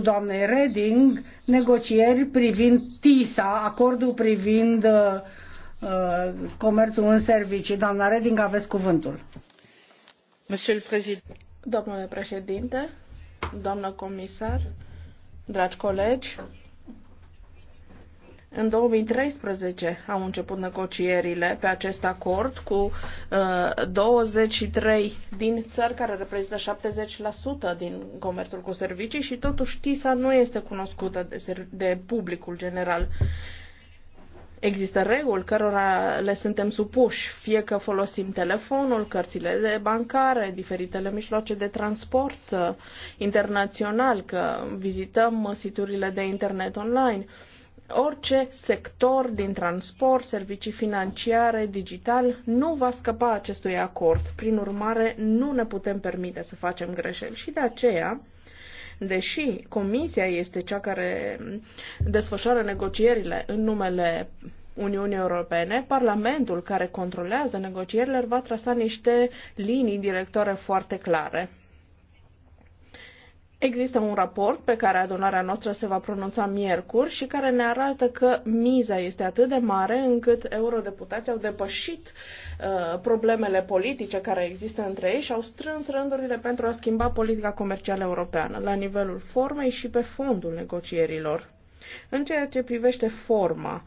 doamnei Reding negocieri privind TISA, acordul privind uh, uh comerțul în servicii. Doamna Reding, aveți cuvântul. Domnule președinte, doamnă comisar, dragi colegi, în 2013 au început negocierile pe acest acord cu uh, 23 din țări care reprezintă 70% din comerțul cu servicii și totuși TISA nu este cunoscută de, de publicul general. Există reguli cărora le suntem supuși, fie că folosim telefonul, cărțile de bancare, diferitele mijloace de transport uh, internațional, că vizităm siturile de internet online. Uh, Orice sector din transport, servicii financiare, digital, nu va scăpa acestui acord. Prin urmare, nu ne putem permite să facem greșeli și de aceea deși Comisia este cea care desfășoară negocierile în numele Uniunii Europene, Parlamentul care controlează negocierile va trasa niște linii directoare foarte clare. Există un raport pe care adunarea noastră se va pronunța miercuri și care ne arată că miza este atât de mare încât eurodeputații au depășit uh, problemele politice care există între ei și au strâns rândurile pentru a schimba politica comercială europeană la nivelul formei și pe fondul negocierilor. În ceea ce privește forma, uh,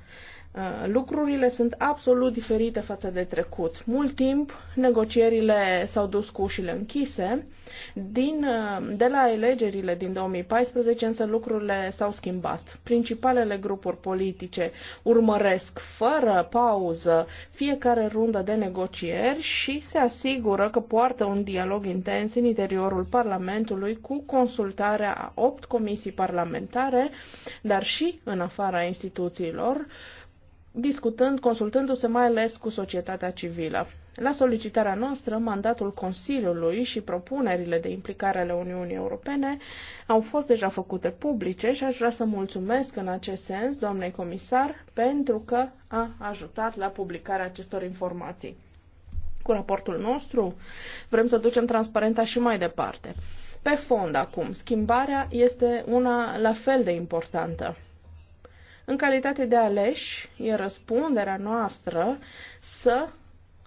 Uh, lucrurile sunt absolut diferite față de trecut. Mult timp negocierile s-au dus cu ușile închise. Din, uh, de la elegerile din 2014 însă lucrurile s-au schimbat. Principalele grupuri politice urmăresc fără pauză fiecare rundă de negocieri și se asigură că poartă un dialog intens în interiorul Parlamentului cu consultarea a opt comisii parlamentare, dar și în afara instituțiilor, discutând, consultându-se mai ales cu societatea civilă. La solicitarea noastră, mandatul Consiliului și propunerile de implicare ale Uniunii Europene au fost deja făcute publice și aș vrea să mulțumesc în acest sens doamnei comisar pentru că a ajutat la publicarea acestor informații. Cu raportul nostru vrem să ducem transparenta și mai departe. Pe fond acum, schimbarea este una la fel de importantă. În calitate de aleși, e răspunderea noastră să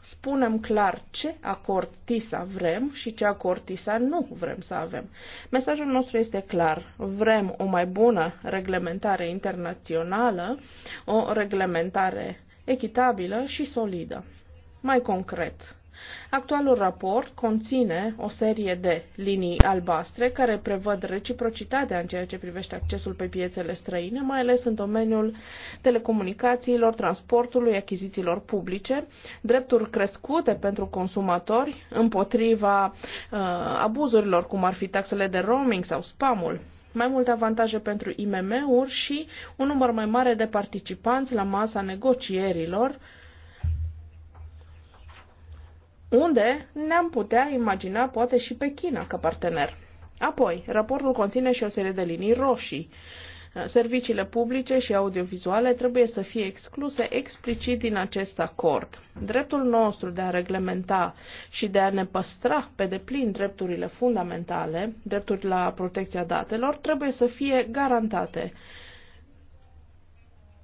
spunem clar ce acord TISA vrem și ce acord TISA nu vrem să avem. Mesajul nostru este clar. Vrem o mai bună reglementare internațională, o reglementare echitabilă și solidă. Mai concret, Actualul raport conține o serie de linii albastre care prevăd reciprocitatea în ceea ce privește accesul pe piețele străine, mai ales în domeniul telecomunicațiilor, transportului, achizițiilor publice, drepturi crescute pentru consumatori împotriva uh, abuzurilor, cum ar fi taxele de roaming sau spamul mai multe avantaje pentru IMM-uri și un număr mai mare de participanți la masa negocierilor unde ne-am putea imagina poate și pe China ca partener. Apoi, raportul conține și o serie de linii roșii. Serviciile publice și audiovizuale trebuie să fie excluse explicit din acest acord. Dreptul nostru de a reglementa și de a ne păstra pe deplin drepturile fundamentale, dreptul la protecția datelor, trebuie să fie garantate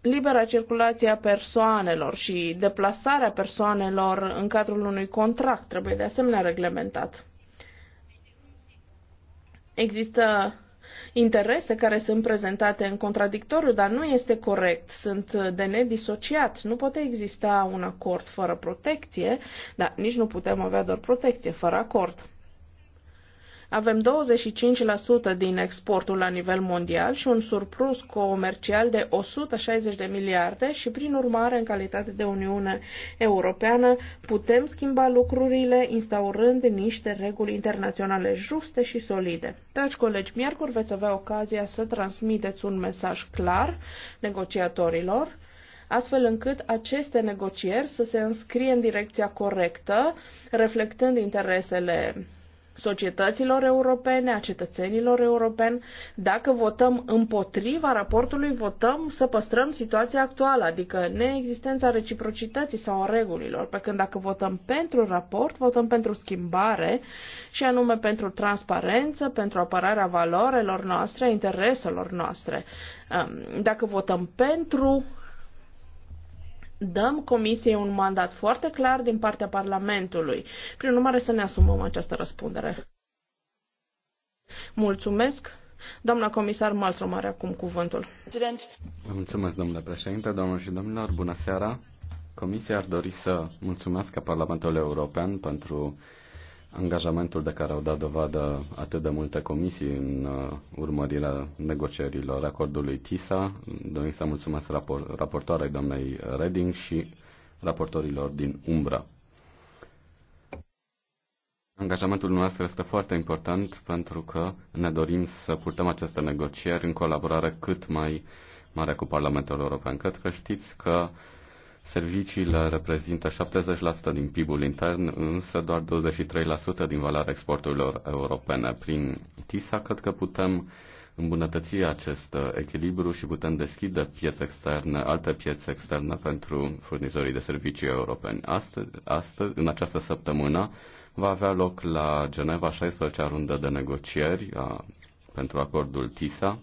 libera circulație a persoanelor și deplasarea persoanelor în cadrul unui contract trebuie de asemenea reglementat. Există interese care sunt prezentate în contradictoriu, dar nu este corect, sunt de nedisociat. Nu poate exista un acord fără protecție, dar nici nu putem avea doar protecție fără acord. Avem 25% din exportul la nivel mondial și un surplus comercial de 160 de miliarde și, prin urmare, în calitate de Uniune Europeană, putem schimba lucrurile instaurând niște reguli internaționale juste și solide. Dragi colegi, miercuri veți avea ocazia să transmiteți un mesaj clar negociatorilor astfel încât aceste negocieri să se înscrie în direcția corectă, reflectând interesele societăților europene, a cetățenilor europeni. Dacă votăm împotriva raportului, votăm să păstrăm situația actuală, adică neexistența reciprocității sau a regulilor. Pe când dacă votăm pentru raport, votăm pentru schimbare și anume pentru transparență, pentru apărarea valorilor noastre, a intereselor noastre. Dacă votăm pentru dăm Comisiei un mandat foarte clar din partea Parlamentului. Prin urmare, să ne asumăm această răspundere. Mulțumesc. Doamna comisar Malstrom are acum cuvântul. Vă mulțumesc, domnule președinte, domnul și domnilor, bună seara. Comisia ar dori să mulțumesc Parlamentul European pentru angajamentul de care au dat dovadă atât de multe comisii în uh, urmărirea negocierilor acordului TISA. Dorim să mulțumesc rapor- raportoarei doamnei Reding și raportorilor din Umbra. Angajamentul nostru este foarte important pentru că ne dorim să purtăm aceste negocieri în colaborare cât mai mare cu Parlamentul European. Cred că știți că uh, Serviciile reprezintă 70% din PIB-ul intern, însă doar 23% din valoarea exporturilor europene. Prin TISA cred că putem îmbunătăți acest echilibru și putem deschide piețe externe, alte piețe externe pentru furnizorii de servicii europeni. Astăzi, astăzi, în această săptămână va avea loc la Geneva 16-a rundă de negocieri a, pentru acordul TISA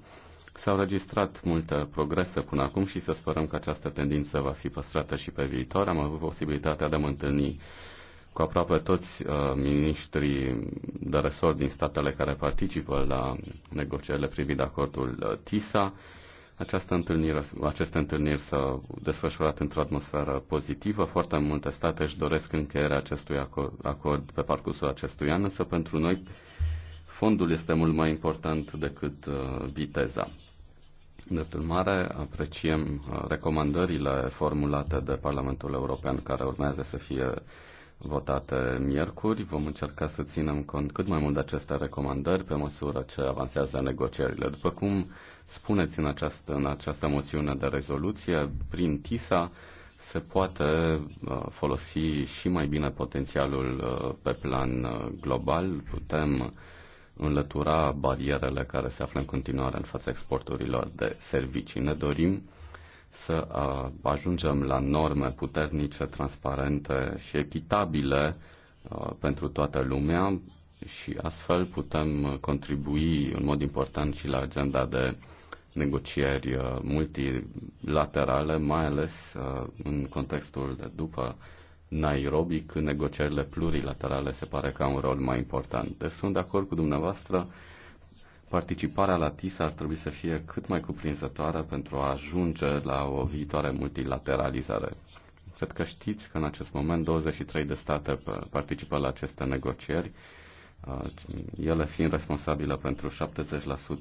S-au registrat multe progrese până acum și să sperăm că această tendință va fi păstrată și pe viitor. Am avut posibilitatea de a mă întâlni cu aproape toți uh, ministrii de resort din statele care participă la negocierile privind acordul uh, TISA. Această întâlnire, aceste întâlniri s-au desfășurat într-o atmosferă pozitivă. Foarte multe state își doresc încheierea acestui acord, acord pe parcursul acestui an, însă pentru noi fondul este mult mai important decât uh, viteza. Drept urmare, apreciem uh, recomandările formulate de Parlamentul European care urmează să fie votate miercuri. Vom încerca să ținem cont cât mai mult de aceste recomandări pe măsură ce avansează negocierile. După cum spuneți în această, în această moțiune de rezoluție, prin TISA se poate uh, folosi și mai bine potențialul uh, pe plan global. Putem înlătura barierele care se află în continuare în fața exporturilor de servicii. Ne dorim să ajungem la norme puternice, transparente și echitabile pentru toată lumea și astfel putem contribui în mod important și la agenda de negocieri multilaterale, mai ales în contextul de după Nairobi când negocierile plurilaterale se pare că au un rol mai important. Deci sunt de acord cu dumneavoastră, participarea la TISA ar trebui să fie cât mai cuprinzătoare pentru a ajunge la o viitoare multilateralizare. Cred că știți că în acest moment 23 de state participă la aceste negocieri, uh, ele fiind responsabile pentru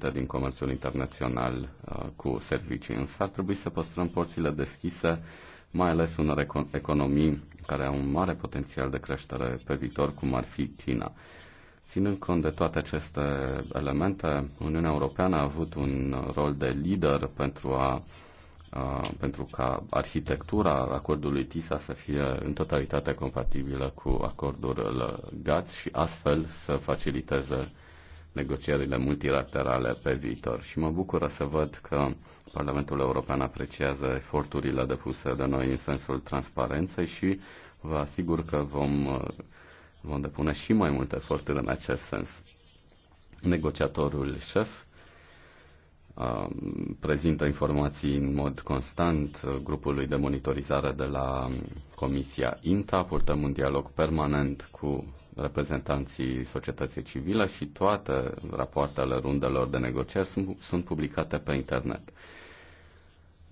70% din comerțul internațional uh, cu servicii. Însă ar trebui să păstrăm porțile deschise, mai ales unor economii care au un mare potențial de creștere pe viitor, cum ar fi China. Ținând cont de toate aceste elemente, Uniunea Europeană a avut un rol de lider pentru a pentru ca arhitectura acordului TISA să fie în totalitate compatibilă cu acordurile GATS și astfel să faciliteze negocierile multilaterale pe viitor. Și mă bucură să văd că Parlamentul European apreciază eforturile depuse de noi în sensul transparenței și vă asigur că vom, vom depune și mai multe eforturi în acest sens. Negociatorul șef um, prezintă informații în mod constant grupului de monitorizare de la Comisia INTA, purtăm un dialog permanent cu reprezentanții societății civile și toate rapoartele rundelor de negocieri sunt, sunt publicate pe internet.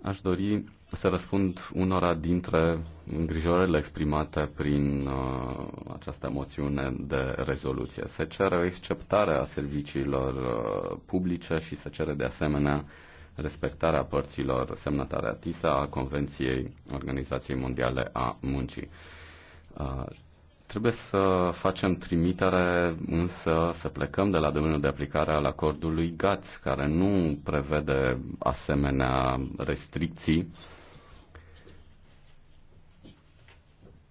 Aș dori să răspund unora dintre îngrijorările exprimate prin uh, această moțiune de rezoluție. Se cere o exceptare a serviciilor uh, publice și se cere de asemenea respectarea părților semnatare tisa a Convenției Organizației Mondiale a Muncii. Uh, Trebuie să facem trimitere, însă să plecăm de la domeniul de aplicare al acordului GATS, care nu prevede asemenea restricții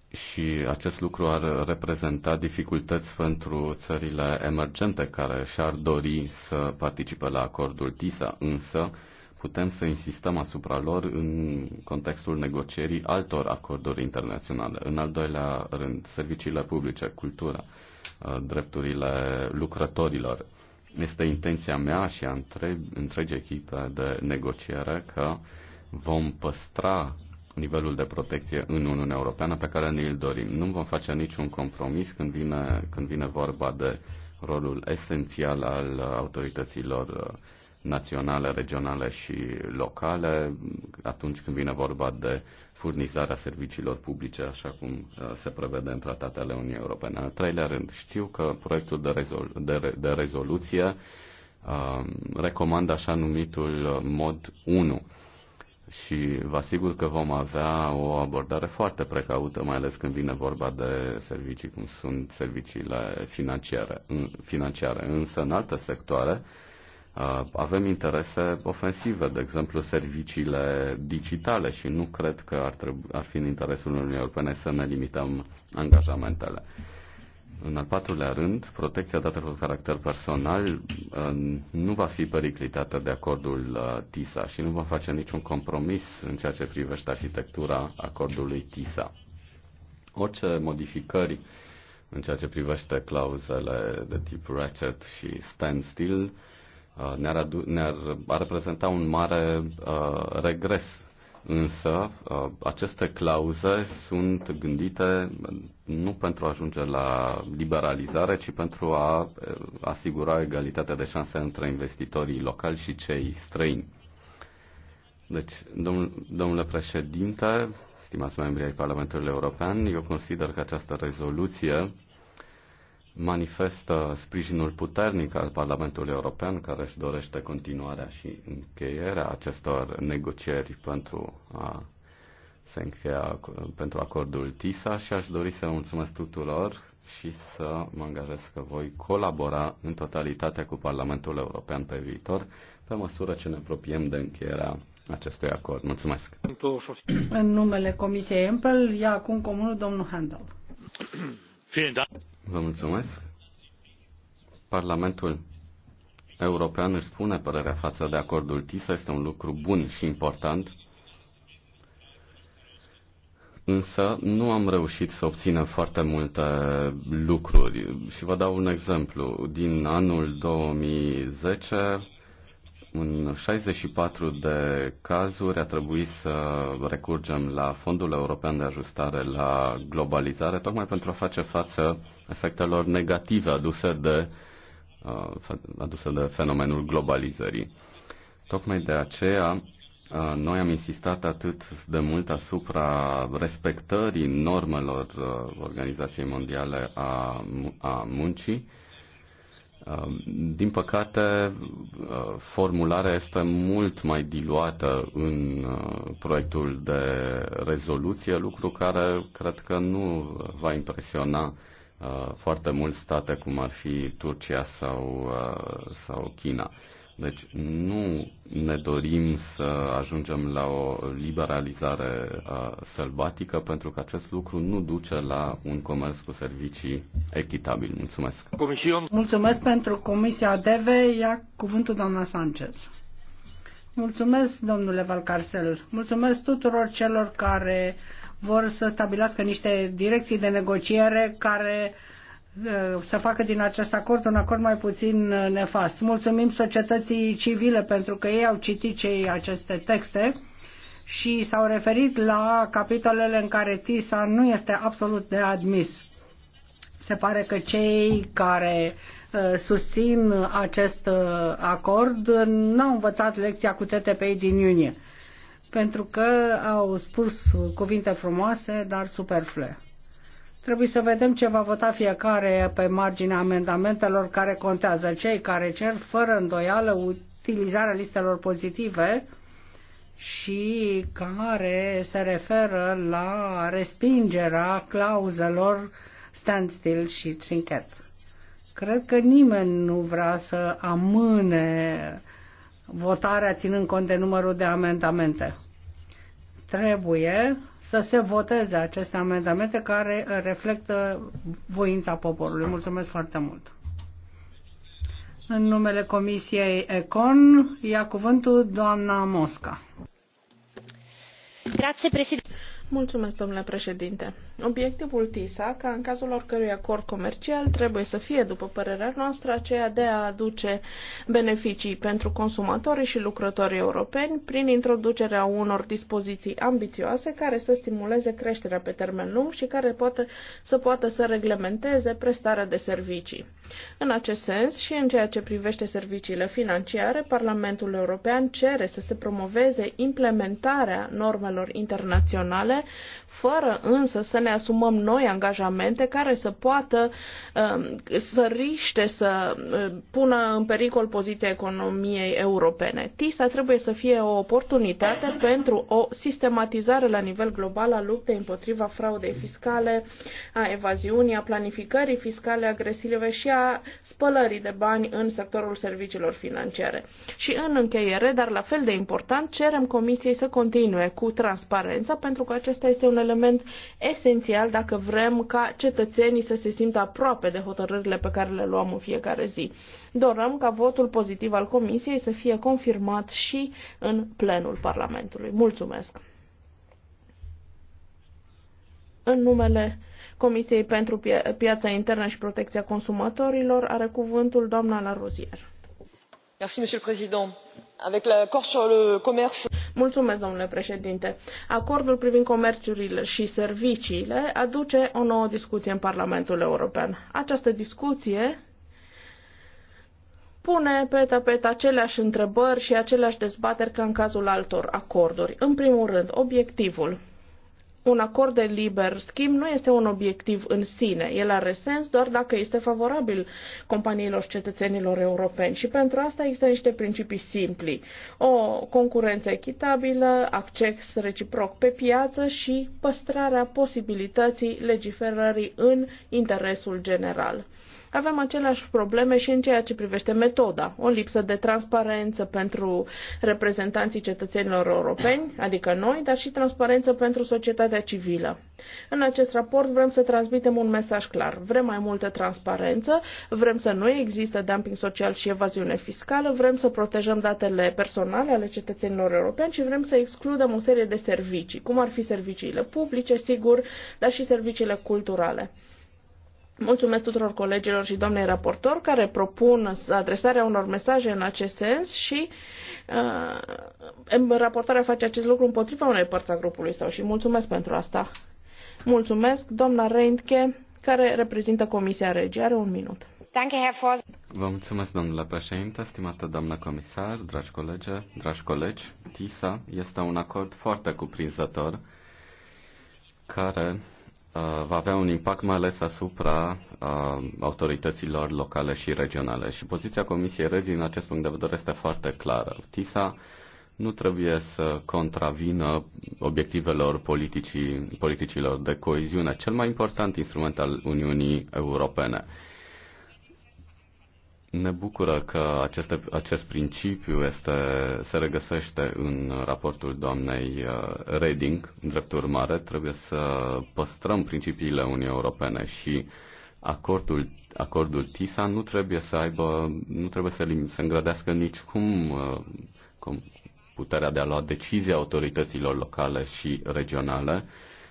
și acest lucru ar reprezenta dificultăți pentru țările emergente care și-ar dori să participe la acordul TISA, însă putem să insistăm asupra lor în contextul negocierii altor acorduri internaționale. În al doilea rând, serviciile publice, cultura, uh, drepturile lucrătorilor. Este intenția mea și a între, întregii echipe de negociere că vom păstra nivelul de protecție în Uniunea Europeană pe care ne îl dorim. Nu vom face niciun compromis când vine, când vine vorba de rolul esențial al autorităților uh, naționale, regionale și locale atunci când vine vorba de furnizarea serviciilor publice, așa cum uh, se prevede în tratatele Uniunii Europene. În treilea rând, știu că proiectul de, rezol- de, re- de rezoluție uh, recomandă așa numitul mod 1 și vă asigur că vom avea o abordare foarte precaută, mai ales când vine vorba de servicii cum sunt serviciile financiare, financiare. însă în alte sectoare Uh, avem interese ofensive, de exemplu serviciile digitale și nu cred că ar, trebui, ar fi în interesul Uniunii Europene să ne limităm angajamentele. În al patrulea rând, protecția datelor cu caracter personal uh, nu va fi periclitată de acordul uh, TISA și nu va face niciun compromis în ceea ce privește arhitectura acordului TISA. Orice modificări în ceea ce privește clauzele de tip ratchet și standstill Uh, ne-ar, adu- ne-ar ar reprezenta un mare uh, regres. Însă, uh, aceste clauze sunt gândite uh, nu pentru a ajunge la liberalizare, ci pentru a uh, asigura egalitatea de șanse între investitorii locali și cei străini. Deci, domn- domnule președinte, stimați membri ai Parlamentului European, eu consider că această rezoluție manifestă sprijinul puternic al Parlamentului European, care își dorește continuarea și încheierea acestor negocieri pentru a se încheia pentru acordul TISA și aș dori să mulțumesc tuturor și să mă angajez că voi colabora în totalitate cu Parlamentul European pe viitor, pe măsură ce ne apropiem de încheierea acestui acord. Mulțumesc! În numele Comisiei Empel, ia acum comunul domnul Handel. Vă mulțumesc. Parlamentul european își spune părerea față de acordul TISA, este un lucru bun și important, însă nu am reușit să obținem foarte multe lucruri. Și vă dau un exemplu. Din anul 2010, în 64 de cazuri a trebuit să recurgem la Fondul European de Ajustare la Globalizare, tocmai pentru a face față efectelor negative aduse de, uh, aduse de fenomenul globalizării. Tocmai de aceea, uh, noi am insistat atât de mult asupra respectării normelor uh, Organizației Mondiale a, a Muncii. Din păcate, formularea este mult mai diluată în proiectul de rezoluție, lucru care cred că nu va impresiona Uh, foarte mult state, cum ar fi Turcia sau, uh, sau China. Deci nu ne dorim să ajungem la o liberalizare uh, sălbatică, pentru că acest lucru nu duce la un comerț cu servicii echitabil. Mulțumesc. Comision. Mulțumesc pentru Comisia DEVE. Ia cuvântul doamna Sanchez. Mulțumesc, domnule Valcarcel. Mulțumesc tuturor celor care uh, vor să stabilească niște direcții de negociere care uh, să facă din acest acord un acord mai puțin uh, nefast. Mulțumim societății civile pentru că ei au citit cei aceste texte și s-au referit la capitolele în care TISA nu este absolut de admis. Se pare că cei care uh, susțin acest acord n-au învățat lecția cu TTP din iunie pentru că au spus cuvinte frumoase, dar superflue. Trebuie să vedem ce va vota fiecare pe marginea amendamentelor care contează. Cei care cer fără îndoială utilizarea listelor pozitive și care se referă la respingerea clauzelor standstill și trinket. Cred că nimeni nu vrea să amâne votarea ținând cont de numărul de amendamente. Trebuie să se voteze aceste amendamente care reflectă voința poporului. Mulțumesc foarte mult. În numele Comisiei Econ ia cuvântul doamna Mosca. Grazie, președinte. Mulțumesc, domnule președinte. Obiectivul TISA, ca în cazul oricărui acord comercial, trebuie să fie, după părerea noastră, aceea de a aduce beneficii pentru consumatorii și lucrătorii europeni prin introducerea unor dispoziții ambițioase care să stimuleze creșterea pe termen lung și care poate, să poată să reglementeze prestarea de servicii. În acest sens și în ceea ce privește serviciile financiare, Parlamentul European cere să se promoveze implementarea normelor internaționale membre, fără însă să ne asumăm noi angajamente care să poată um, să riște, să uh, pună în pericol poziția economiei europene. TISA trebuie să fie o oportunitate pentru o sistematizare la nivel global a luptei împotriva fraudei fiscale, a evaziunii, a planificării fiscale agresive și a spălării de bani în sectorul serviciilor financiare. Și în încheiere, dar la fel de important, cerem Comisiei să continue cu transparența pentru că acesta este un element esențial dacă vrem ca cetățenii să se simtă aproape de hotărârile pe care le luăm în fiecare zi. Dorăm ca votul pozitiv al Comisiei să fie confirmat și în plenul Parlamentului. Mulțumesc! În numele Comisiei pentru Piața Internă și Protecția Consumatorilor are cuvântul doamna Larozier. Merci, domnule președinte. Acordul privind comerțurile și serviciile aduce o nouă discuție în Parlamentul European. Această discuție pune pe tapet aceleași întrebări și aceleași dezbateri ca în cazul altor acorduri. În primul rând, obiectivul un acord de liber schimb nu este un obiectiv în sine. El are sens doar dacă este favorabil companiilor și cetățenilor europeni. Și pentru asta există niște principii simpli. O concurență echitabilă, acces reciproc pe piață și păstrarea posibilității legiferării în interesul general. Avem aceleași probleme și în ceea ce privește metoda. O lipsă de transparență pentru reprezentanții cetățenilor europeni, adică noi, dar și transparență pentru societatea civilă. În acest raport vrem să transmitem un mesaj clar. Vrem mai multă transparență, vrem să nu există dumping social și evaziune fiscală, vrem să protejăm datele personale ale cetățenilor europeni și vrem să excludem o serie de servicii, cum ar fi serviciile publice, sigur, dar și serviciile culturale. Mulțumesc tuturor colegilor și doamnei raportor care propun adresarea unor mesaje în acest sens și uh, raportarea face acest lucru împotriva unei părți a grupului său și mulțumesc pentru asta. Mulțumesc, doamna Reintke, care reprezintă Comisia Regi. Are un minut. Vă mulțumesc, domnule președinte, stimată doamnă comisar, dragi colegi, dragi colegi. TISA este un acord foarte cuprinzător care Uh, va avea un impact mai ales asupra uh, autorităților locale și regionale. Și poziția Comisiei Regii în acest punct de vedere este foarte clară. TISA nu trebuie să contravină obiectivelor politicii, politicilor de coeziune, cel mai important instrument al Uniunii Europene. Ne bucură că aceste, acest principiu este, se regăsește în raportul doamnei uh, Reding. În drept urmare, trebuie să păstrăm principiile Uniunii Europene și acordul, acordul TISA nu trebuie să aibă, nu trebuie să, să îngrădească nicicum uh, cum, puterea de a lua decizii autorităților locale și regionale,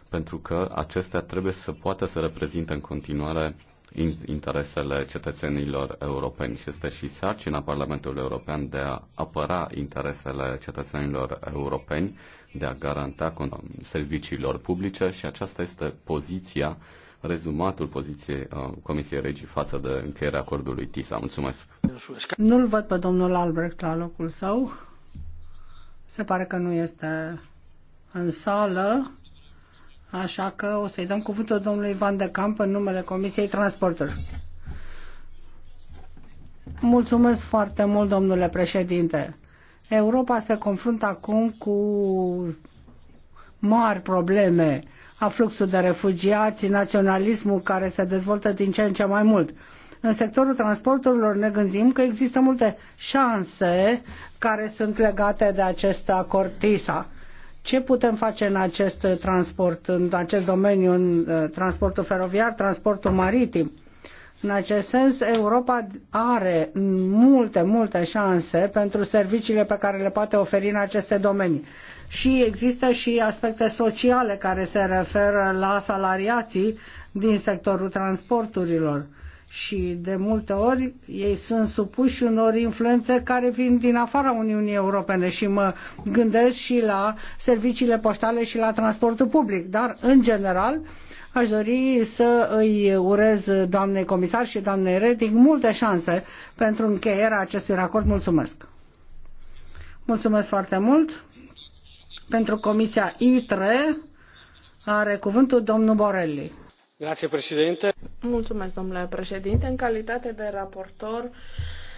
pentru că acestea trebuie să poată să reprezinte în continuare interesele cetățenilor europeni și este și sarcina Parlamentului European de a apăra interesele cetățenilor europeni, de a garanta serviciilor publice și aceasta este poziția, rezumatul poziției uh, Comisiei Regii față de încheierea acordului TISA. Mulțumesc! Nu-l văd pe domnul Albrecht la locul său. Se pare că nu este în sală. Așa că o să-i dăm cuvântul domnului Van de Camp în numele Comisiei Transporturi. Mulțumesc foarte mult, domnule președinte. Europa se confruntă acum cu mari probleme a fluxului de refugiați, naționalismul care se dezvoltă din ce în ce mai mult. În sectorul transporturilor ne gândim că există multe șanse care sunt legate de acest acord TISA ce putem face în acest transport, în acest domeniu, în uh, transportul feroviar, transportul maritim? În acest sens, Europa are multe, multe șanse pentru serviciile pe care le poate oferi în aceste domenii. Și există și aspecte sociale care se referă la salariații din sectorul transporturilor și de multe ori ei sunt supuși unor influențe care vin din afara Uniunii Europene și mă gândesc și la serviciile poștale și la transportul public. Dar, în general, aș dori să îi urez doamnei comisar și doamnei Reding multe șanse pentru încheierea acestui acord. Mulțumesc! Mulțumesc foarte mult pentru Comisia ITRE. Are cuvântul domnul Borelli. Grazie, președinte Mulțumesc, domnule președinte. În calitate de raportor,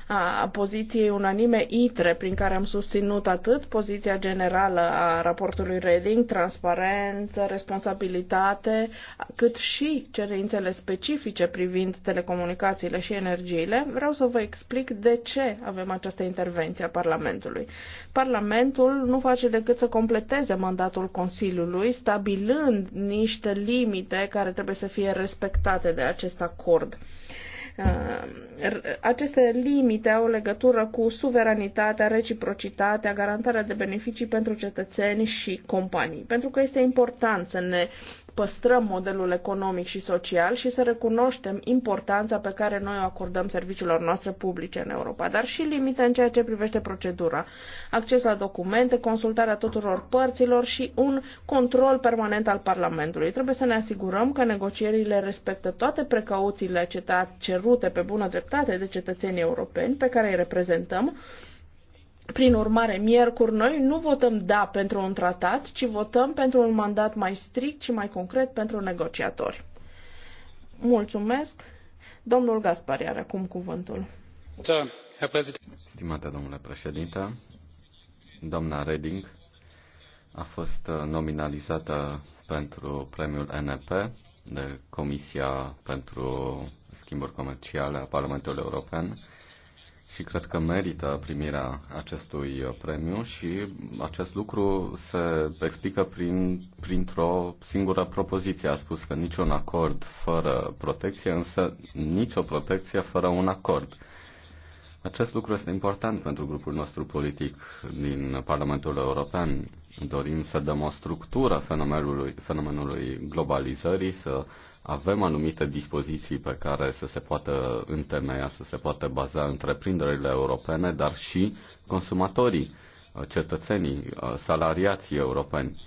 a poziției unanime ITRE, prin care am susținut atât poziția generală a raportului Reding, transparență, responsabilitate, cât și cerințele specifice privind telecomunicațiile și energiile, vreau să vă explic de ce avem această intervenție a Parlamentului. Parlamentul nu face decât să completeze mandatul Consiliului, stabilând niște limite care trebuie să fie respectate de acest acord. Uh, aceste limite au legătură cu suveranitatea, reciprocitatea, garantarea de beneficii pentru cetățeni și companii, pentru că este important să ne păstrăm modelul economic și social și să recunoaștem importanța pe care noi o acordăm serviciilor noastre publice în Europa, dar și limite în ceea ce privește procedura, acces la documente, consultarea tuturor părților și un control permanent al Parlamentului. Trebuie să ne asigurăm că negocierile respectă toate precauțiile cerute pe bună dreptate de cetățenii europeni pe care îi reprezentăm prin urmare, miercuri noi nu votăm da pentru un tratat, ci votăm pentru un mandat mai strict și mai concret pentru negociatori. Mulțumesc. Domnul Gaspari are acum cuvântul. Da, domnule președinte, doamna Reding a fost uh, nominalizată pentru premiul NP de Comisia pentru Schimburi Comerciale a Parlamentului European și cred că merită primirea acestui uh, premiu și acest lucru se explică prin, printr-o singură propoziție. A spus că niciun acord fără protecție, însă nicio protecție fără un acord. Acest lucru este important pentru grupul nostru politic din Parlamentul European. Dorim să dăm o structură fenomenului, fenomenului globalizării, să avem anumite dispoziții pe care să se poată întemeia, să se poată baza întreprinderile europene, dar și consumatorii, cetățenii, salariații europeni.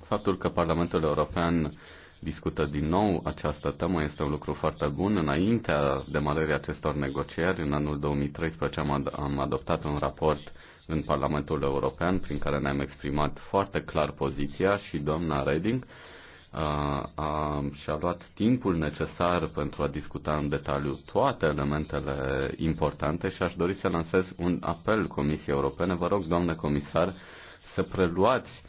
Faptul că Parlamentul European discută din nou această temă este un lucru foarte bun. Înaintea demarării acestor negocieri, în anul 2013, am, ad- am adoptat un raport în Parlamentul European prin care ne-am exprimat foarte clar poziția și doamna Reding a, și-a luat timpul necesar pentru a discuta în detaliu toate elementele importante și aș dori să lansez un apel Comisiei Europene. Vă rog, domnule comisar, să preluați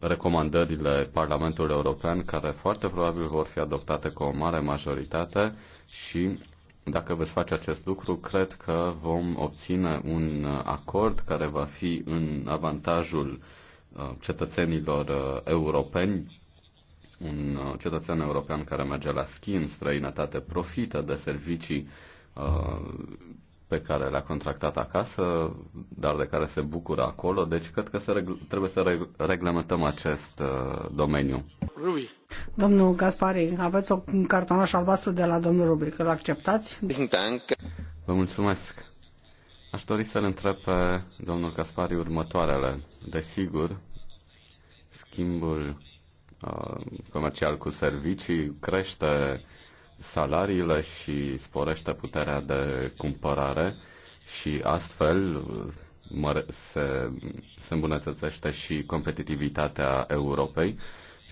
recomandările Parlamentului European, care foarte probabil vor fi adoptate cu o mare majoritate și dacă veți face acest lucru, cred că vom obține un acord care va fi în avantajul cetățenilor europeni un uh, cetățean european care merge la schi în străinătate profită de servicii uh, pe care le-a contractat acasă, dar de care se bucură acolo, deci cred că se regl- trebuie să reg- reglementăm acest uh, domeniu. Rubi. Domnul Gaspari, aveți o cartonaș albastru de la domnul Rubric îl acceptați? Vă mulțumesc. Aș dori să-l întreb pe domnul Gaspari următoarele. Desigur, schimbul Uh, comercial cu servicii crește salariile și sporește puterea de cumpărare și astfel uh, se, se îmbunătățește și competitivitatea Europei.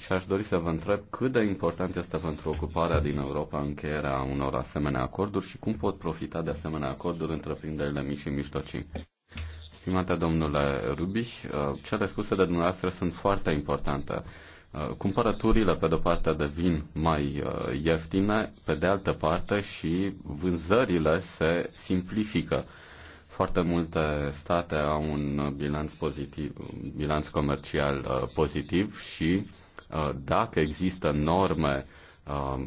Și aș dori să vă întreb cât de important este pentru ocuparea din Europa încheierea unor asemenea acorduri și cum pot profita de asemenea acorduri întreprinderile mici și mijlocii. Stimate domnule Rubiș, uh, cele spuse de dumneavoastră sunt foarte importante. Uh, cumpărăturile, pe de-o parte, devin mai uh, ieftine, pe de altă parte și vânzările se simplifică. Foarte multe state au un bilanț, pozitiv, bilanț comercial uh, pozitiv și dacă există norme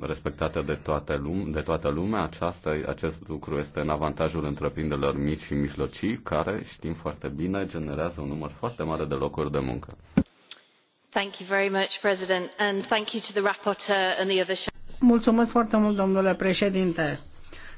respectate de toată, lume, de toată lumea, aceasta, acest lucru este în avantajul întreprinderilor mici și mijlocii, care, știm foarte bine, generează un număr foarte mare de locuri de muncă. Mulțumesc foarte mult, domnule președinte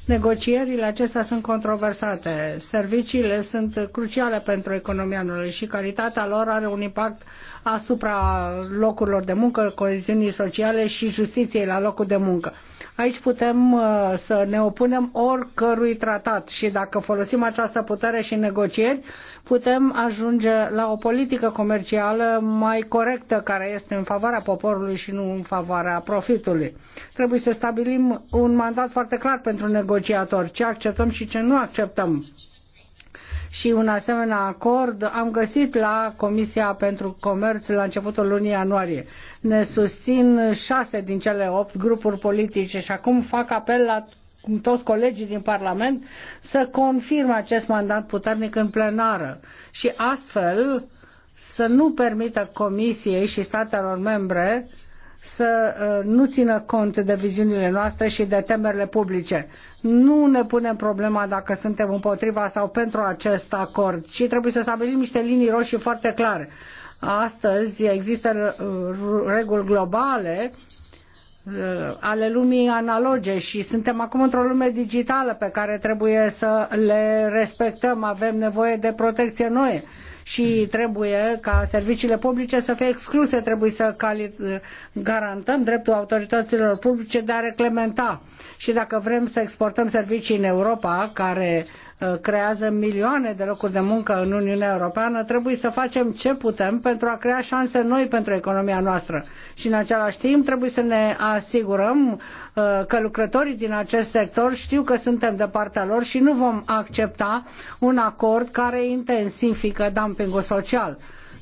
Negocierile acestea sunt controversate. Serviciile sunt cruciale pentru economia noastră și calitatea lor are un impact asupra locurilor de muncă, coeziunii sociale și justiției la locul de muncă. Aici putem uh, să ne opunem oricărui tratat și dacă folosim această putere și negocieri, putem ajunge la o politică comercială mai corectă care este în favoarea poporului și nu în favoarea profitului. Trebuie să stabilim un mandat foarte clar pentru negocieri negociator, ce acceptăm și ce nu acceptăm. Și un asemenea acord am găsit la Comisia pentru Comerț la începutul lunii ianuarie. Ne susțin șase din cele opt grupuri politice și acum fac apel la toți colegii din Parlament să confirme acest mandat puternic în plenară și astfel să nu permită Comisiei și statelor membre să uh, nu țină cont de viziunile noastre și de temerile publice. Nu ne punem problema dacă suntem împotriva sau pentru acest acord, ci trebuie să stabilim niște linii roșii foarte clare. Astăzi există uh, reguli globale uh, ale lumii analoge și suntem acum într-o lume digitală pe care trebuie să le respectăm. Avem nevoie de protecție noi și trebuie ca serviciile publice să fie excluse, trebuie să garantăm dreptul autorităților publice de a reclementa. Și dacă vrem să exportăm servicii în Europa care Uh, creează milioane de locuri de muncă în Uniunea Europeană, trebuie să facem ce putem pentru a crea șanse noi pentru economia noastră. Și în același timp trebuie să ne asigurăm uh, că lucrătorii din acest sector știu că suntem de partea lor și nu vom accepta un acord care intensifică dumpingul social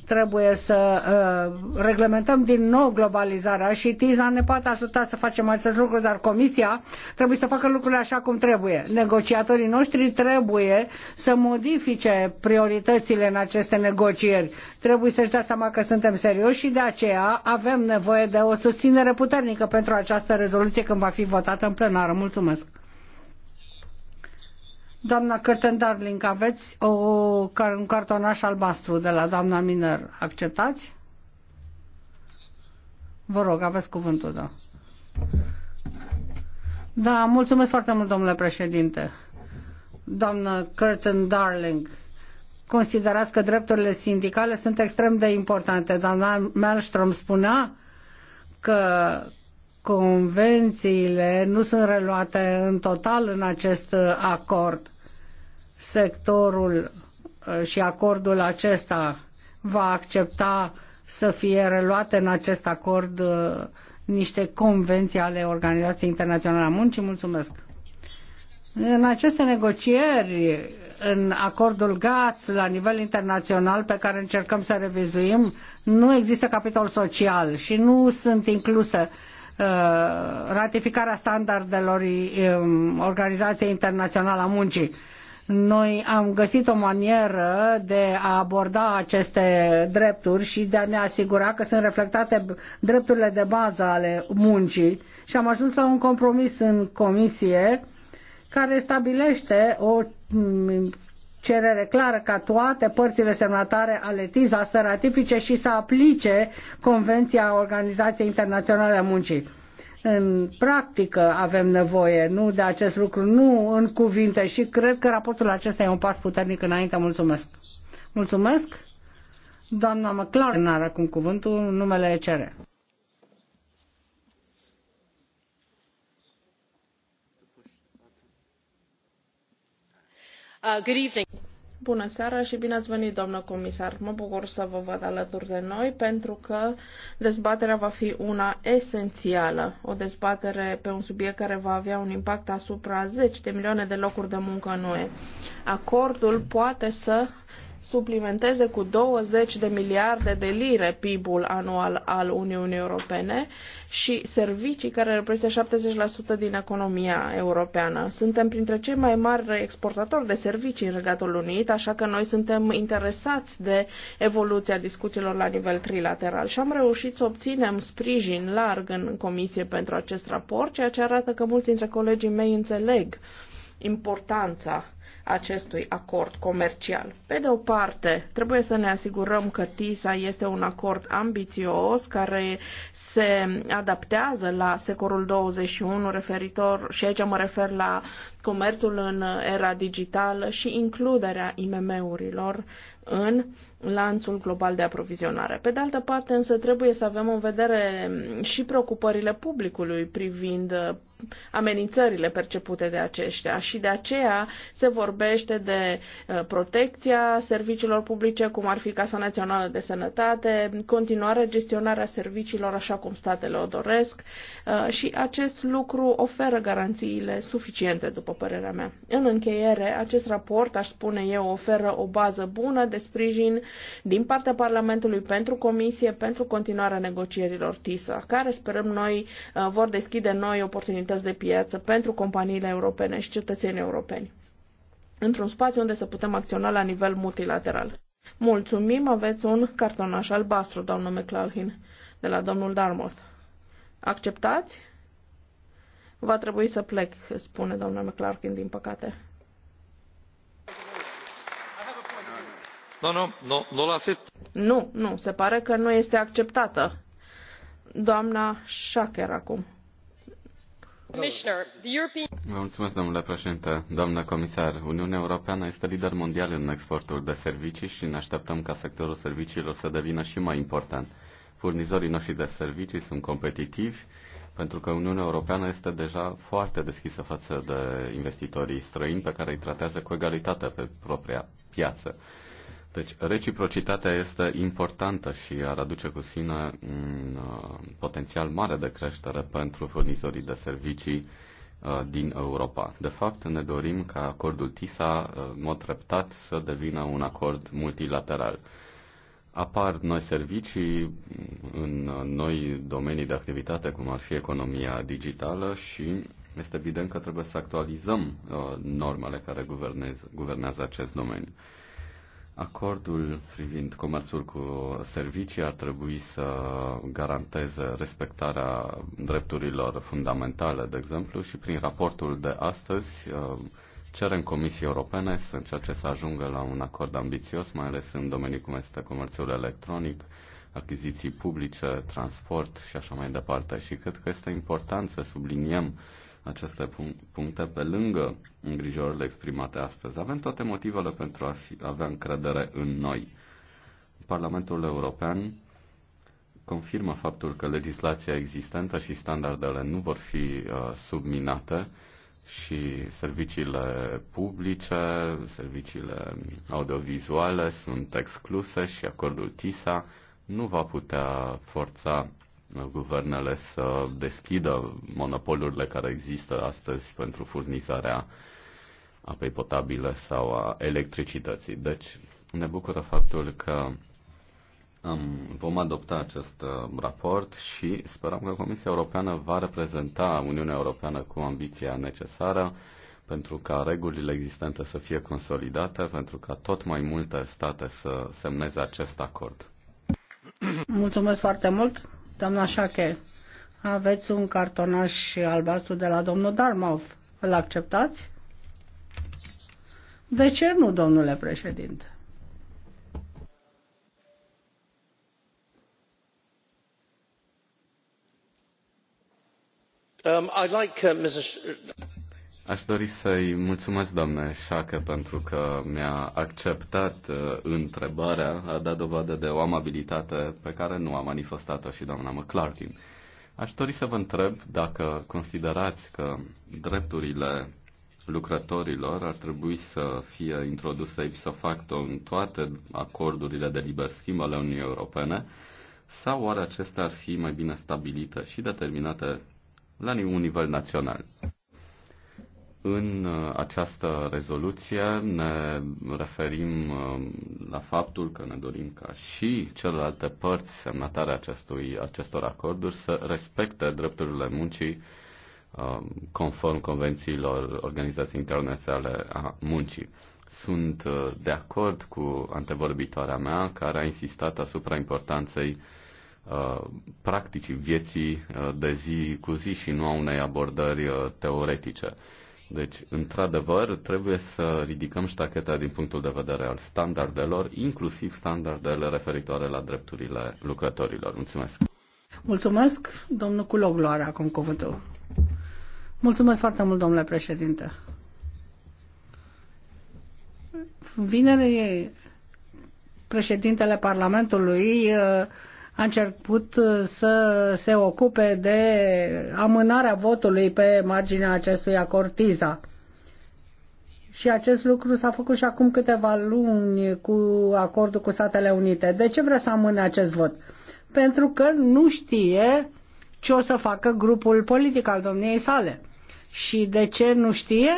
Trebuie să uh, reglementăm din nou globalizarea și TISA ne poate ajuta să facem acest lucru, dar Comisia trebuie să facă lucrurile așa cum trebuie. Negociatorii noștri trebuie să modifice prioritățile în aceste negocieri. Trebuie să-și dea seama că suntem serioși și de aceea avem nevoie de o susținere puternică pentru această rezoluție când va fi votată în plenară. Mulțumesc! Doamna Curtin Darling, aveți o, un cartonaș albastru de la doamna Miner. Acceptați? Vă rog, aveți cuvântul, da. Da, mulțumesc foarte mult, domnule președinte. Doamna Curtin Darling, considerați că drepturile sindicale sunt extrem de importante. Doamna Malmström spunea că convențiile nu sunt reluate în total în acest acord sectorul uh, și acordul acesta va accepta să fie reluate în acest acord uh, niște convenții ale Organizației Internaționale a Muncii. Mulțumesc! În aceste negocieri, în acordul GATS la nivel internațional pe care încercăm să revizuim, nu există capitol social și nu sunt incluse uh, ratificarea standardelor um, Organizației Internaționale a Muncii. Noi am găsit o manieră de a aborda aceste drepturi și de a ne asigura că sunt reflectate drepturile de bază ale muncii și am ajuns la un compromis în comisie care stabilește o mm, cerere clară ca toate părțile semnatare ale TISA să ratifice și să aplice Convenția Organizației Internaționale a Muncii în practică avem nevoie, nu de acest lucru, nu în cuvinte și cred că raportul acesta e un pas puternic înainte. Mulțumesc! Mulțumesc! Doamna McLaren are acum cuvântul, numele cere. Uh, good evening. Bună seara și bine ați venit, doamnă comisar. Mă bucur să vă văd alături de noi pentru că dezbaterea va fi una esențială. O dezbatere pe un subiect care va avea un impact asupra zeci de milioane de locuri de muncă în UE. Acordul poate să suplimenteze cu 20 de miliarde de lire PIB-ul anual al Uniunii Europene și servicii care reprezintă 70% din economia europeană. Suntem printre cei mai mari exportatori de servicii în Regatul Unit, așa că noi suntem interesați de evoluția discuțiilor la nivel trilateral și am reușit să obținem sprijin larg în comisie pentru acest raport, ceea ce arată că mulți dintre colegii mei înțeleg importanța acestui acord comercial. Pe de o parte, trebuie să ne asigurăm că TISA este un acord ambițios care se adaptează la secolul 21 referitor și aici mă refer la comerțul în era digitală și includerea IMM-urilor în lanțul global de aprovizionare. Pe de altă parte, însă, trebuie să avem în vedere și preocupările publicului privind uh, amenințările percepute de aceștia și de aceea se vorbește de uh, protecția serviciilor publice, cum ar fi Casa Națională de Sănătate, continuarea gestionarea serviciilor așa cum statele o doresc uh, și acest lucru oferă garanțiile suficiente, după părerea mea. În încheiere, acest raport, aș spune eu, oferă o bază bună de sprijin din partea Parlamentului pentru Comisie pentru continuarea negocierilor TISA, care sperăm noi uh, vor deschide noi oportunități de piață pentru companiile europene și cetățenii europeni într-un spațiu unde să putem acționa la nivel multilateral. Mulțumim, aveți un cartonaș albastru, doamnă McLaughlin, de la domnul Darmoth. Acceptați? Va trebui să plec, spune doamna McClarkin, din păcate. Nu, no, nu, no, no, nu Nu, nu, se pare că nu este acceptată. Doamna Șacher acum. Vă mulțumesc, domnule președinte. Doamnă comisar, Uniunea Europeană este lider mondial în exportul de servicii și ne așteptăm ca sectorul serviciilor să devină și mai important. Furnizorii noștri de servicii sunt competitivi pentru că Uniunea Europeană este deja foarte deschisă față de investitorii străini pe care îi tratează cu egalitate pe propria piață. Deci, reciprocitatea este importantă și ar aduce cu sine un uh, potențial mare de creștere pentru furnizorii de servicii uh, din Europa. De fapt, ne dorim ca acordul TISA, uh, în mod treptat, să devină un acord multilateral. Apar noi servicii mm, în noi domenii de activitate, cum ar fi economia digitală și este evident că trebuie să actualizăm normele care guvernează acest domeniu. Acordul privind comerțul cu servicii ar trebui să garanteze respectarea drepturilor fundamentale, de exemplu, și prin raportul de astăzi uh, cerem Comisiei Europene să încerce să ajungă la un acord ambițios, mai ales în domenii cum este comerțul electronic, achiziții publice, transport și așa mai departe. Și cred că este important să subliniem aceste puncte pe lângă îngrijorările exprimate astăzi. Avem toate motivele pentru a fi, avea încredere în noi. Parlamentul European confirmă faptul că legislația existentă și standardele nu vor fi uh, subminate și serviciile publice, serviciile audiovizuale sunt excluse și acordul TISA nu va putea forța guvernele să deschidă monopolurile care există astăzi pentru furnizarea apei potabile sau a electricității. Deci ne bucură faptul că um, vom adopta acest uh, raport și sperăm că Comisia Europeană va reprezenta Uniunea Europeană cu ambiția necesară pentru ca regulile existente să fie consolidate, pentru ca tot mai multe state să semneze acest acord. Mulțumesc foarte mult! Doamna Șache, aveți un cartonaș albastru de la domnul Darmov. Îl acceptați? De ce nu, domnule președinte? Um, I'd like, uh, Mrs. Aș dori să-i mulțumesc, doamne Șacă, pentru că mi-a acceptat uh, întrebarea, a dat dovadă de o amabilitate pe care nu a manifestat-o și doamna McClarkin. Aș dori să vă întreb dacă considerați că drepturile lucrătorilor ar trebui să fie introduse ipso facto în toate acordurile de liber schimb ale Uniunii Europene, sau oare acestea ar fi mai bine stabilite și determinate la un nivel național? În uh, această rezoluție ne referim uh, la faptul că ne dorim ca și celelalte părți semnatare acestui, acestor acorduri să respecte drepturile muncii uh, conform convențiilor Organizației Internaționale a Muncii. Sunt de acord cu antevorbitoarea mea care a insistat asupra importanței practicii vieții de zi cu zi și nu a unei abordări teoretice deci, într-adevăr, trebuie să ridicăm ștacheta din punctul de vedere al standardelor, inclusiv standardele referitoare la drepturile lucrătorilor. Mulțumesc! Mulțumesc, domnul Culoglu are acum cuvântul. Mulțumesc foarte mult, domnule președinte. Vineri, președintele Parlamentului uh, a început uh, să se ocupe de amânarea votului pe marginea acestui acord TISA. Și acest lucru s-a făcut și acum câteva luni cu acordul cu Statele Unite. De ce vrea să amâne acest vot? Pentru că nu știe ce o să facă grupul politic al domniei sale. Și de ce nu știe?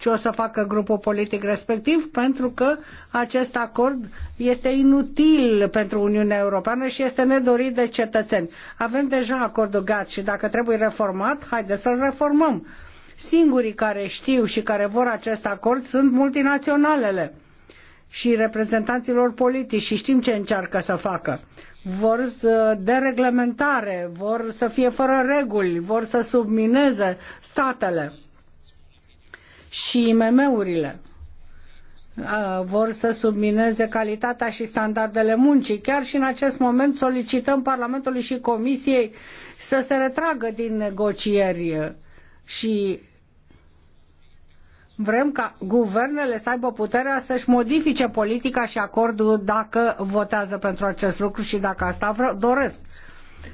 ce o să facă grupul politic respectiv, pentru că acest acord este inutil pentru Uniunea Europeană și este nedorit de cetățeni. Avem deja acordul GATT și dacă trebuie reformat, haideți să-l reformăm. Singurii care știu și care vor acest acord sunt multinaționalele și reprezentanților politici și știm ce încearcă să facă. Vor să dereglementare, vor să fie fără reguli, vor să submineze statele și IMM-urile vor să submineze calitatea și standardele muncii. Chiar și în acest moment solicităm Parlamentului și Comisiei să se retragă din negocieri și vrem ca guvernele să aibă puterea să-și modifice politica și acordul dacă votează pentru acest lucru și dacă asta doresc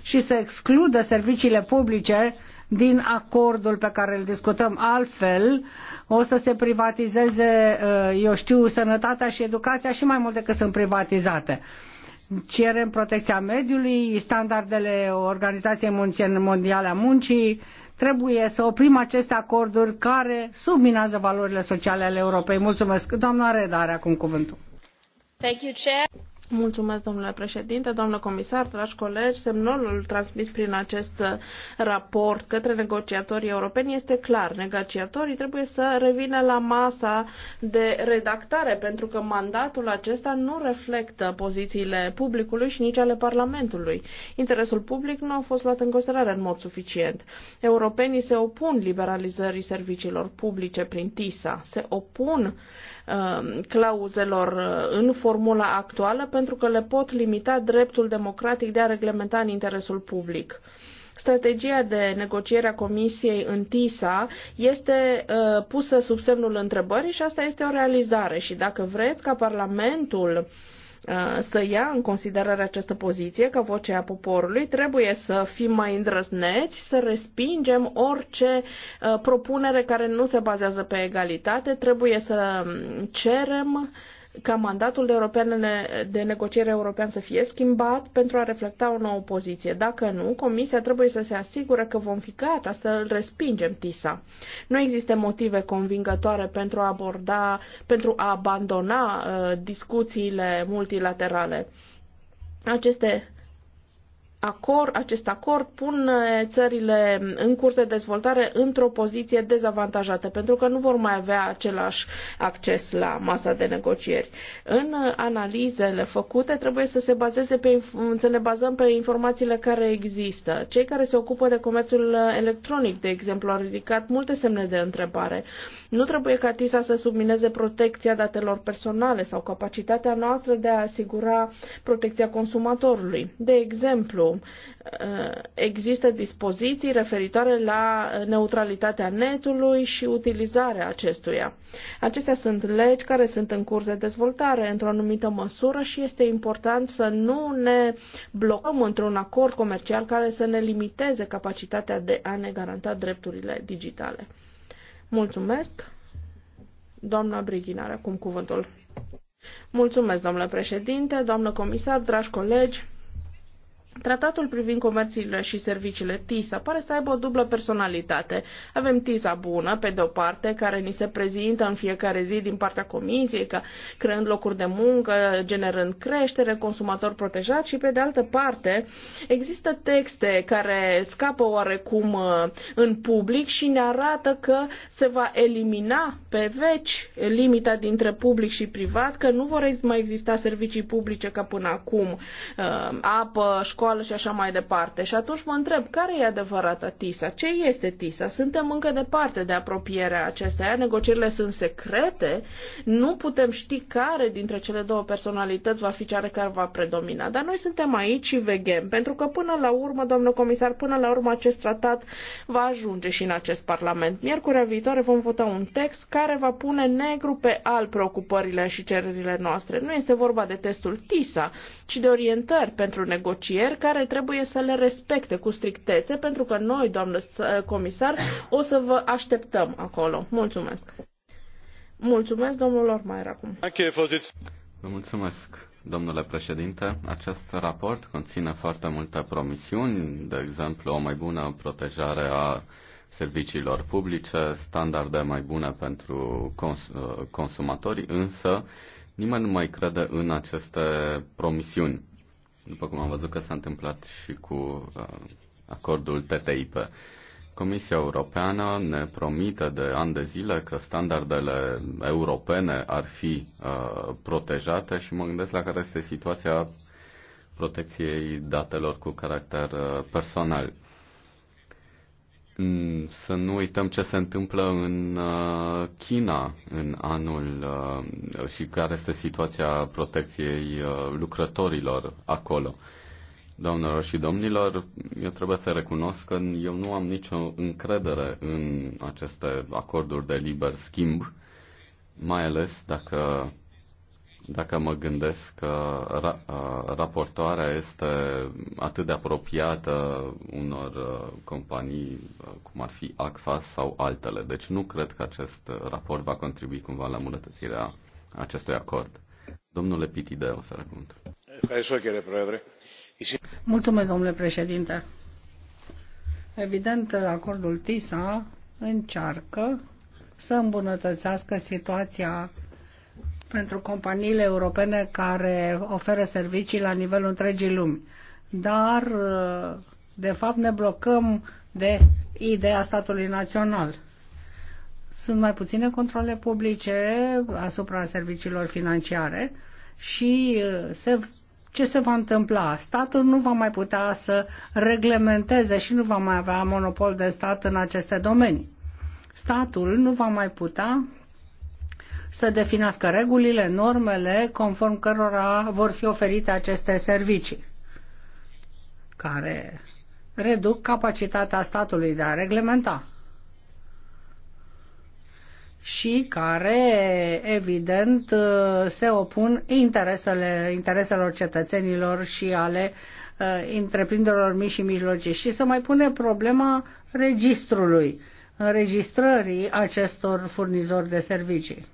și să excludă serviciile publice din acordul pe care îl discutăm altfel, o să se privatizeze, uh, eu știu, sănătatea și educația și mai mult decât sunt privatizate cerem protecția mediului, standardele Organizației Mondiale a Muncii, trebuie să oprim aceste acorduri care subminează valorile sociale ale Europei. Mulțumesc. Doamna Reda are acum cuvântul. Thank you, Chair. Mulțumesc, domnule președinte, doamnă comisar, dragi colegi. Semnalul transmis prin acest uh, raport către negociatorii europeni este clar. Negociatorii trebuie să revină la masa de redactare, pentru că mandatul acesta nu reflectă pozițiile publicului și nici ale Parlamentului. Interesul public nu a fost luat în considerare în mod suficient. Europenii se opun liberalizării serviciilor publice prin TISA, se opun Um, clauzelor uh, în formula actuală pentru că le pot limita dreptul democratic de a reglementa în interesul public. Strategia de negociere a Comisiei în TISA este uh, pusă sub semnul întrebării și asta este o realizare. Și dacă vreți ca Parlamentul uh, Uh, să ia în considerare această poziție ca vocea poporului, trebuie să fim mai îndrăzneți, să respingem orice uh, propunere care nu se bazează pe egalitate, trebuie să um, cerem ca mandatul de european de negociere european să fie schimbat pentru a reflecta o nouă poziție. Dacă nu, Comisia trebuie să se asigure că vom fi gata să îl respingem TISA. Nu există motive convingătoare pentru a aborda, pentru a abandona uh, discuțiile multilaterale. Aceste acord, acest acord pun uh, țările în curs de dezvoltare într-o poziție dezavantajată, pentru că nu vor mai avea același acces la masa de negocieri. În uh, analizele făcute trebuie să, se bazeze pe, să ne bazăm pe informațiile care există. Cei care se ocupă de comerțul uh, electronic, de exemplu, au ridicat multe semne de întrebare. Nu trebuie ca TISA să submineze protecția datelor personale sau capacitatea noastră de a asigura protecția consumatorului. De exemplu, Forum. Eh, există dispoziții referitoare la neutralitatea netului și utilizarea acestuia. Acestea sunt legi care sunt în curs de dezvoltare într-o anumită măsură și este important să nu ne blocăm într-un acord comercial care să ne limiteze capacitatea de a ne garanta drepturile digitale. Mulțumesc! Doamna Brighin are acum cuvântul. Mulțumesc, domnule președinte, doamnă comisar, dragi colegi. Tratatul privind comerțile și serviciile TISA pare să aibă o dublă personalitate. Avem TISA bună, pe de o parte, care ni se prezintă în fiecare zi din partea comisiei, ca creând locuri de muncă, generând creștere, consumator protejat și, pe de altă parte, există texte care scapă oarecum uh, în public și ne arată că se va elimina pe veci limita dintre public și privat, că nu vor mai exista servicii publice ca până acum, uh, apă, școală, școală și așa mai departe. Și atunci mă întreb, care e adevărata TISA? Ce este TISA? Suntem încă departe de apropierea acesteia, negocierile sunt secrete, nu putem ști care dintre cele două personalități va fi cea care va predomina. Dar noi suntem aici și veghem, pentru că până la urmă, domnul comisar, până la urmă acest tratat va ajunge și în acest Parlament. Miercurea viitoare vom vota un text care va pune negru pe alb preocupările și cererile noastre. Nu este vorba de testul TISA, ci de orientări pentru negocieri țări care trebuie să le respecte cu strictețe, pentru că noi, doamnă comisar, o să vă așteptăm acolo. Mulțumesc! Mulțumesc, domnul Ormaier, acum. Vă mulțumesc, domnule președinte. Acest raport conține foarte multe promisiuni, de exemplu, o mai bună protejare a serviciilor publice, standarde mai bune pentru cons- consumatori, însă nimeni nu mai crede în aceste promisiuni după cum am văzut că s-a întâmplat și cu uh, acordul TTIP. Comisia Europeană ne promite de ani de zile că standardele europene ar fi uh, protejate și mă gândesc la care este situația protecției datelor cu caracter uh, personal. Mm, să nu uităm ce se întâmplă în uh, China în anul uh, și care este situația protecției uh, lucrătorilor acolo. Doamnelor și domnilor, eu trebuie să recunosc că eu nu am nicio încredere în aceste acorduri de liber schimb, mai ales dacă dacă mă gândesc că ra, raportoarea este atât de apropiată unor companii cum ar fi ACFA sau altele, deci nu cred că acest raport va contribui cumva la îmbunătățirea acestui acord. Domnule o să răcund. Mulțumesc, domnule președinte. Evident, acordul TISA încearcă să îmbunătățească situația pentru companiile europene care oferă servicii la nivelul întregii lumi. Dar, de fapt, ne blocăm de ideea statului național. Sunt mai puține controle publice asupra serviciilor financiare și uh, se, ce se va întâmpla? Statul nu va mai putea să reglementeze și nu va mai avea monopol de stat în aceste domenii. Statul nu va mai putea să definească regulile, normele conform cărora vor fi oferite aceste servicii, care reduc capacitatea statului de a reglementa și care, evident, se opun interesele, intereselor cetățenilor și ale uh, întreprinderilor mici și mijlocii. Și se mai pune problema registrului, înregistrării acestor furnizori de servicii.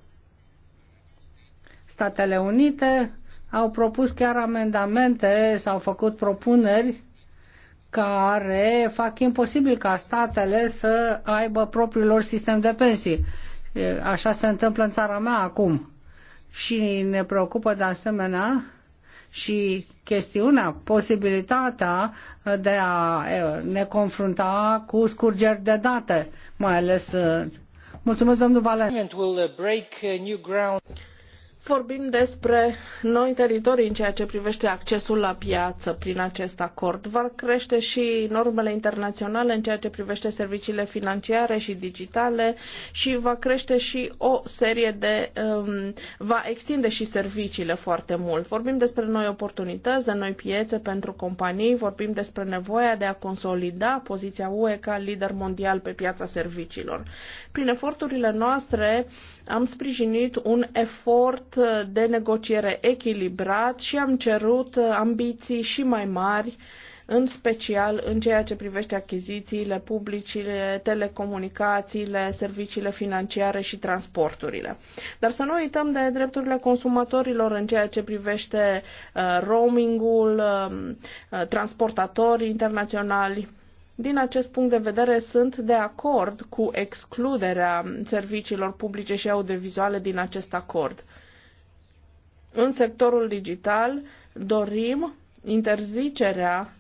Statele Unite au propus chiar amendamente, s-au făcut propuneri care fac imposibil ca statele să aibă propriul lor sistem de pensii. Așa se întâmplă în țara mea acum. Și ne preocupă de asemenea și chestiunea, posibilitatea de a ne confrunta cu scurgeri de date, mai ales. Uh, mulțumesc, domnul Valen. Uh, uh, vorbim despre noi teritorii în ceea ce privește accesul la piață prin acest acord. Vor crește și normele internaționale în ceea ce privește serviciile financiare și digitale și va crește și o serie de. Um, va extinde și serviciile foarte mult. Vorbim despre noi oportunități, de noi piețe pentru companii, vorbim despre nevoia de a consolida poziția UE ca lider mondial pe piața serviciilor. Prin eforturile noastre am sprijinit un efort de negociere echilibrat și am cerut ambiții și mai mari în special în ceea ce privește achizițiile publice, telecomunicațiile, serviciile financiare și transporturile. Dar să nu uităm de drepturile consumatorilor în ceea ce privește uh, roamingul, um, uh, transportatorii internaționali, din acest punct de vedere, sunt de acord cu excluderea serviciilor publice și audiovizuale din acest acord. În sectorul digital dorim interzicerea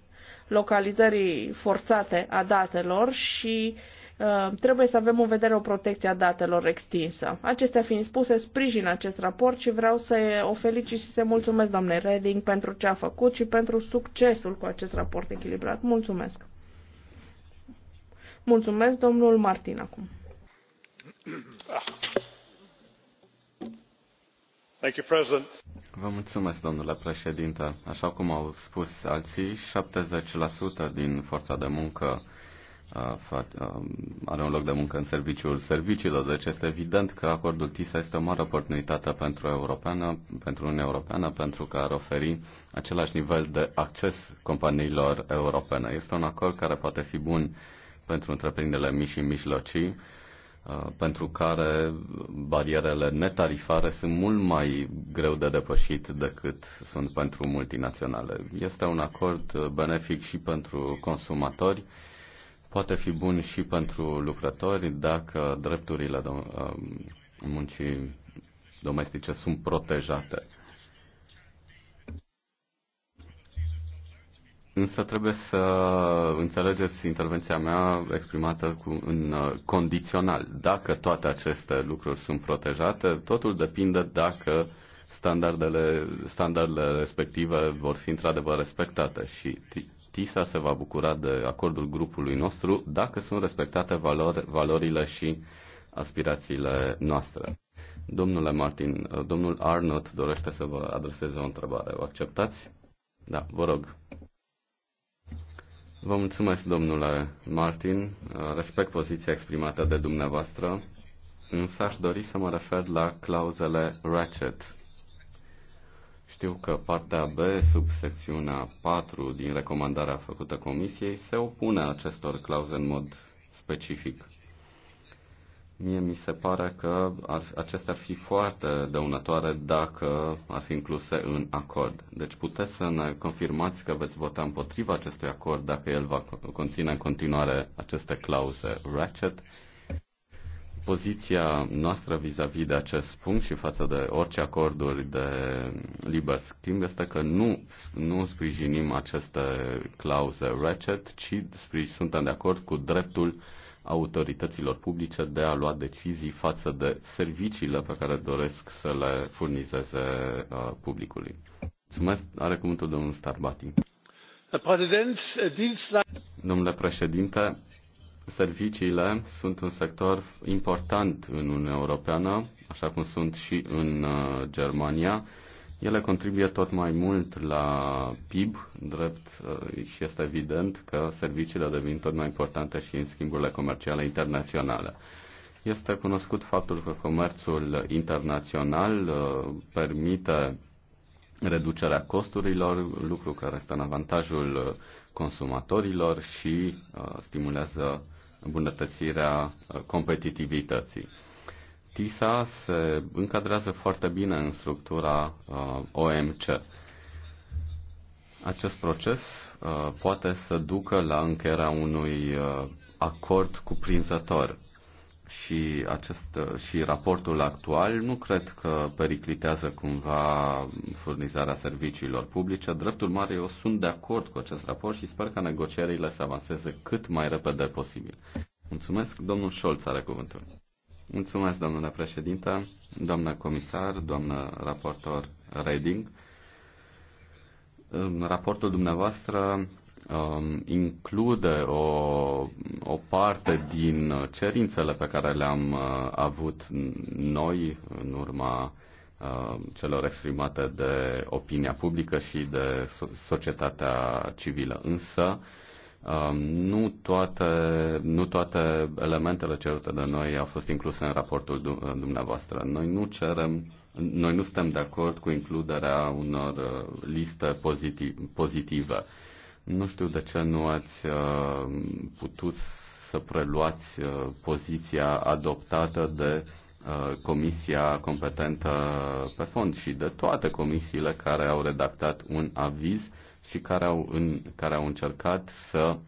localizării forțate a datelor și uh, trebuie să avem în vedere o protecție a datelor extinsă. Acestea fiind spuse, sprijin acest raport și vreau să o felicit și să mulțumesc doamnei Reding pentru ce a făcut și pentru succesul cu acest raport echilibrat. Mulțumesc! Mulțumesc, domnul Martin, acum. Vă mulțumesc, domnule președinte. Așa cum au spus alții, 70% din forța de muncă uh, uh, are un loc de muncă în serviciul serviciilor, deci este evident că acordul TISA este o mare oportunitate pentru, europeană, pentru Uniunea Europeană pentru că ar oferi același nivel de acces companiilor europene. Este un acord care poate fi bun uh, pentru întreprinderile mici și mijlocii, uh, pentru care barierele netarifare sunt mult mai greu de depășit decât sunt pentru multinaționale. Este un acord benefic și pentru consumatori, poate fi bun și pentru lucrători dacă drepturile uh, muncii domestice sunt protejate. Însă trebuie să înțelegeți intervenția mea exprimată cu, în uh, condițional. Dacă toate aceste lucruri sunt protejate, totul depinde dacă standardele, standardele respective vor fi într-adevăr respectate și TISA se va bucura de acordul grupului nostru dacă sunt respectate valori, valorile și aspirațiile noastre. Domnule Martin, uh, domnul Arnott dorește să vă adreseze o întrebare. O acceptați? Da, vă rog. Vă mulțumesc, domnule Martin. Respect poziția exprimată de dumneavoastră, însă aș dori să mă refer la clauzele ratchet. Știu că partea B, sub secțiunea 4 din recomandarea făcută Comisiei, se opune acestor clauze în mod specific. Mie mi se pare că ar, acestea ar fi foarte dăunătoare dacă ar fi incluse în acord. Deci puteți să ne confirmați că veți vota împotriva acestui acord dacă el va conține în continuare aceste clauze ratchet. Poziția noastră vis-a-vis -vis de acest punct și față de orice acorduri de liber schimb este că nu, nu sprijinim aceste clauze ratchet, ci suntem de acord cu dreptul autorităților publice de a lua decizii față de serviciile pe care doresc să le furnizeze uh, publicului. Mulțumesc, are cuvântul domnul Starbati. Äh, Domnule președinte, serviciile sunt un sector important în Uniunea Europeană, așa cum sunt și în uh, Germania ele contribuie tot mai mult la PIB, drept uh, și este evident că serviciile devin tot mai importante și în schimburile comerciale internaționale. Este cunoscut faptul că comerțul internațional uh, permite reducerea costurilor, lucru care este în avantajul uh, consumatorilor și stimulează îmbunătățirea competitivității. TISA se încadrează foarte bine în structura uh, OMC. Acest proces uh, poate să ducă la încheierea unui uh, acord cuprinzător și, acest, uh, și raportul actual nu cred că periclitează cumva furnizarea serviciilor publice. Dreptul mare, eu sunt de acord cu acest raport și sper ca negocierile să avanseze cât mai repede posibil. Mulțumesc. Domnul Scholz are cuvântul. Mulțumesc, domnule președinte, doamnă comisar, doamnă raportor Reding. Raportul dumneavoastră um, include o, o parte din cerințele pe care le-am uh, avut noi în urma uh, celor exprimate de opinia publică și de so- societatea civilă. Însă, uh, Um, nu toate, nu toate elementele cerute de noi au fost incluse în raportul dumneavoastră. Noi nu cerem, noi nu suntem de acord cu includerea unor uh, liste pozitive. Nu știu de ce nu ați uh, putut să preluați uh, poziția adoptată de comisia competentă pe fond și de toate comisiile care au redactat un aviz și care au, în, care au încercat să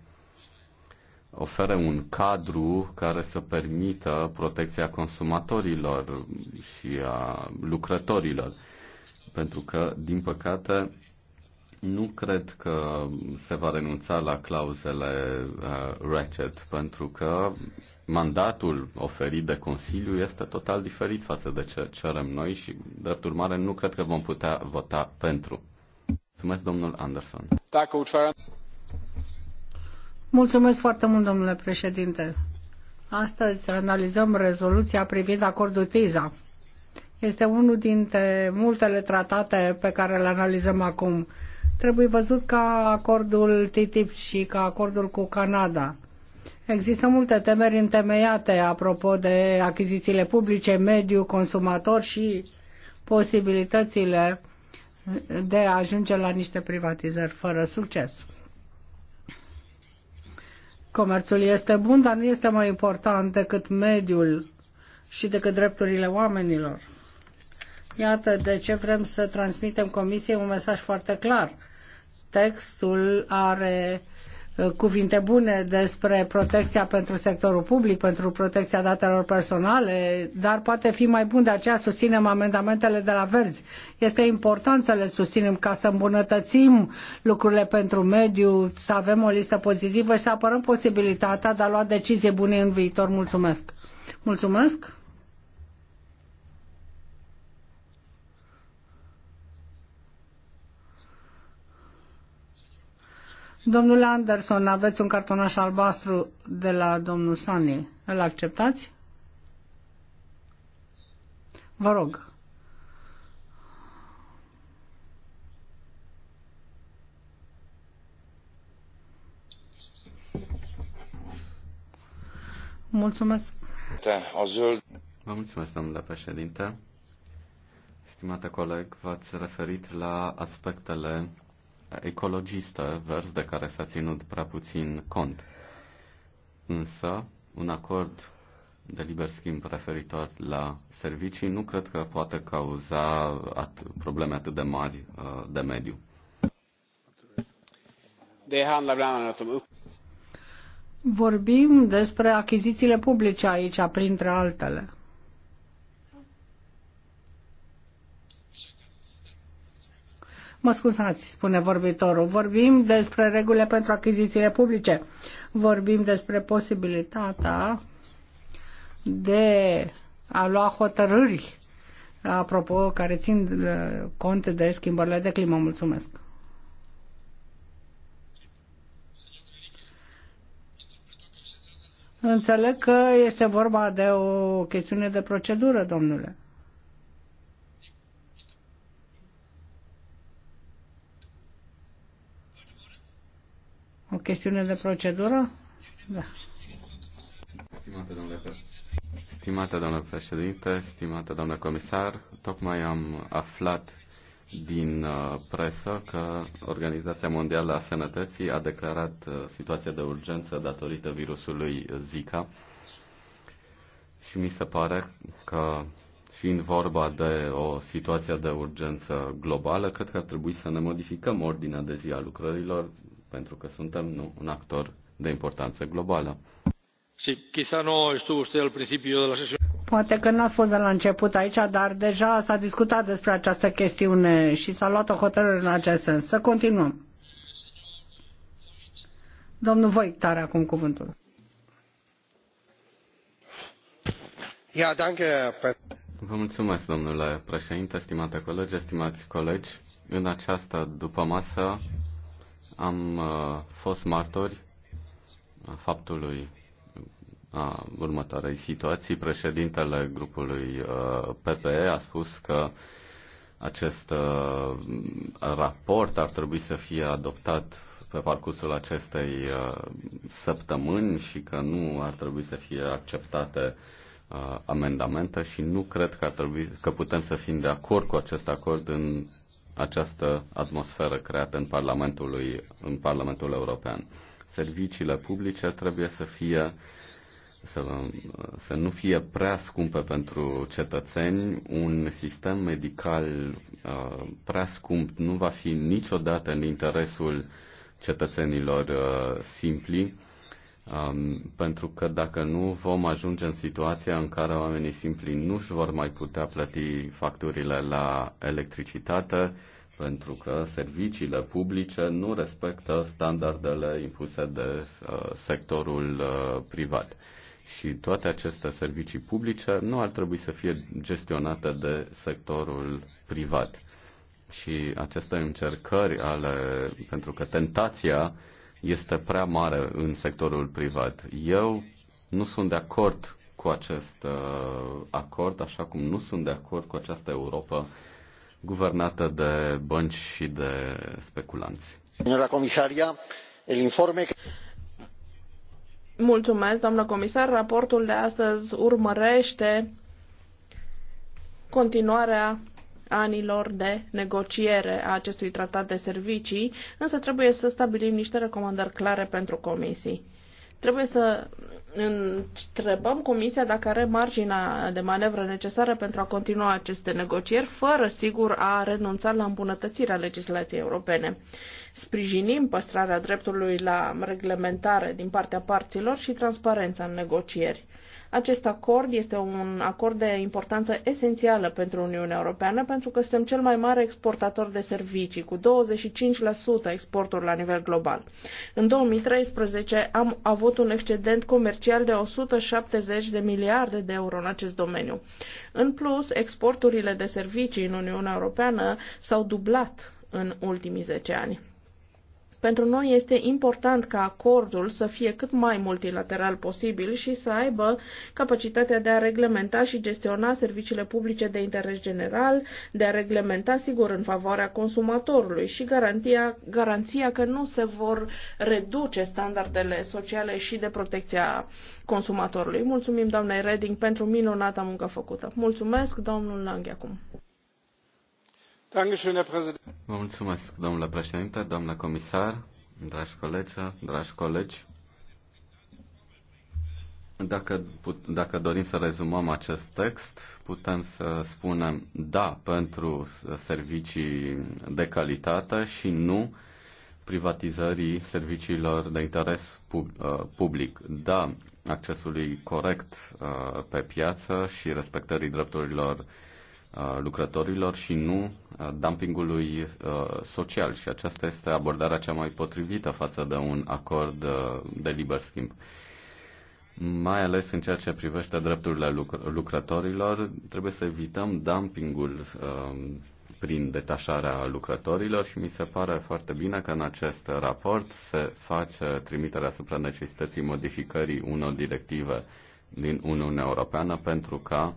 ofere un cadru care să permită protecția consumatorilor și a lucrătorilor. Pentru că, din păcate, nu cred că se va renunța la clauzele uh, ratchet, pentru că mandatul oferit de Consiliu este total diferit față de ce cerem noi și, drept urmare, nu cred că vom putea vota pentru. Mulțumesc, domnul Anderson. Mulțumesc foarte mult, domnule președinte. Astăzi analizăm rezoluția privind acordul TISA. Este unul dintre multele tratate pe care le analizăm acum. Trebuie văzut ca acordul TTIP și ca acordul cu Canada. Există multe temeri întemeiate apropo de achizițiile publice, mediu, consumator și posibilitățile de a ajunge la niște privatizări fără succes. Comerțul este bun, dar nu este mai important decât mediul și decât drepturile oamenilor. Iată de ce vrem să transmitem Comisiei un mesaj foarte clar. Textul are Uh, cuvinte bune despre protecția pentru sectorul public, pentru protecția datelor personale, dar poate fi mai bun, de aceea susținem amendamentele de la Verzi. Este important să le susținem ca să îmbunătățim lucrurile pentru mediu, să avem o listă pozitivă și să apărăm posibilitatea de a lua decizii bune în viitor. Mulțumesc! Mulțumesc! Domnule Anderson, aveți un cartonaș albastru de la domnul Sani. Îl acceptați? Vă rog. Mulțumesc. Vă mulțumesc, domnule președinte. Stimate coleg, v-ați referit la aspectele Ecologistă vers de care s-a ținut prea puțin cont. Însă, un acord de liber schimb referitor la servicii nu cred că poate cauza at- probleme atât de mari uh, de mediu. Vorbim despre achizițiile publice aici, printre altele. Mă scuzați, spune vorbitorul. Vorbim despre regulile pentru achizițiile publice. Vorbim despre posibilitatea de a lua hotărâri apropo, care țin uh, cont de schimbările de climă. Mulțumesc. Înțeleg că este vorba de o chestiune de procedură, domnule. O chestiune de procedură? Da. Stimată domnule, stimată domnule președinte, stimată domnule comisar, tocmai am aflat din uh, presă că Organizația Mondială a Sănătății a declarat uh, situația de urgență datorită virusului Zika și mi se pare că fiind vorba de o situație de urgență globală, cred că ar trebui să ne modificăm ordinea de zi a lucrărilor pentru că suntem nu, un actor de importanță globală. Poate că n-ați fost de la început aici, dar deja s-a discutat despre această chestiune și s-a luat o hotărâre în acest sens. Să continuăm. Domnul voi, are acum cuvântul. Vă mulțumesc, domnule președinte, stimate colegi, stimați colegi. În această dupămasă am uh, fost martori a faptului a următoarei situații. Președintele grupului uh, PPE a spus că acest uh, raport ar trebui să fie adoptat pe parcursul acestei săptămâni și că nu ar trebui să fie acceptate amendamente și nu cred că ar trebui că putem să fim de acord cu acest acord în această atmosferă creată în Parlamentul, în Parlamentul European. Serviciile publice trebuie să fie să, să nu fie prea scumpe pentru cetățeni, un sistem medical uh, prea scump nu va fi niciodată în interesul cetățenilor uh, simpli Um, pentru că dacă nu, vom ajunge în situația în care oamenii simpli nu își vor mai putea plăti facturile la electricitate, pentru că serviciile publice nu respectă standardele impuse de uh, sectorul uh, privat. Și toate aceste servicii publice nu ar trebui să fie gestionate de sectorul privat. Și aceste încercări ale, pentru că tentația este prea mare în sectorul privat. Eu nu sunt de acord cu acest uh, acord, așa cum nu sunt de acord cu această Europa guvernată de bănci și de speculanți. Domnule comisaria, el informe Mulțumesc, doamnă comisar. Raportul de astăzi urmărește continuarea anilor de negociere a acestui tratat de servicii, însă trebuie să stabilim niște recomandări clare pentru comisii. Trebuie să întrebăm Comisia dacă are marginea de manevră necesară pentru a continua aceste negocieri, fără sigur a renunța la îmbunătățirea legislației europene. Sprijinim păstrarea dreptului la reglementare din partea parților și transparența în negocieri. Acest acord este un acord de importanță esențială pentru Uniunea Europeană pentru că suntem cel mai mare exportator de servicii, cu 25% exporturi la nivel global. În 2013 am avut un excedent comercial de 170 de miliarde de euro în acest domeniu. În plus, exporturile de servicii în Uniunea Europeană s-au dublat în ultimii 10 ani. Pentru noi este important ca acordul să fie cât mai multilateral posibil și să aibă capacitatea de a reglementa și gestiona serviciile publice de interes general, de a reglementa sigur în favoarea consumatorului și garantia, garanția că nu se vor reduce standardele sociale și de protecția consumatorului. Mulțumim doamnei Reding pentru minunata muncă făcută. Mulțumesc, domnul Lang, acum. Vă mulțumesc, domnule președinte, doamnă comisar, dragi colegi, dragi colegi. Dacă, put, dacă dorim să rezumăm acest text, putem să spunem da pentru servicii de calitate și nu privatizării serviciilor de interes uh, public. Da accesului corect uh, pe piață și respectării drepturilor Uh, lucrătorilor și nu uh, dumpingului uh, social și aceasta este abordarea cea mai potrivită față de un acord de liber schimb. Mai ales în ceea ce privește drepturile lucrătorilor, trebuie să evităm dumpingul um, prin detașarea lucrătorilor și mi se pare foarte bine că în acest raport se face trimiterea asupra necesității modificării unor directive din Uniunea Europeană pentru ca uh,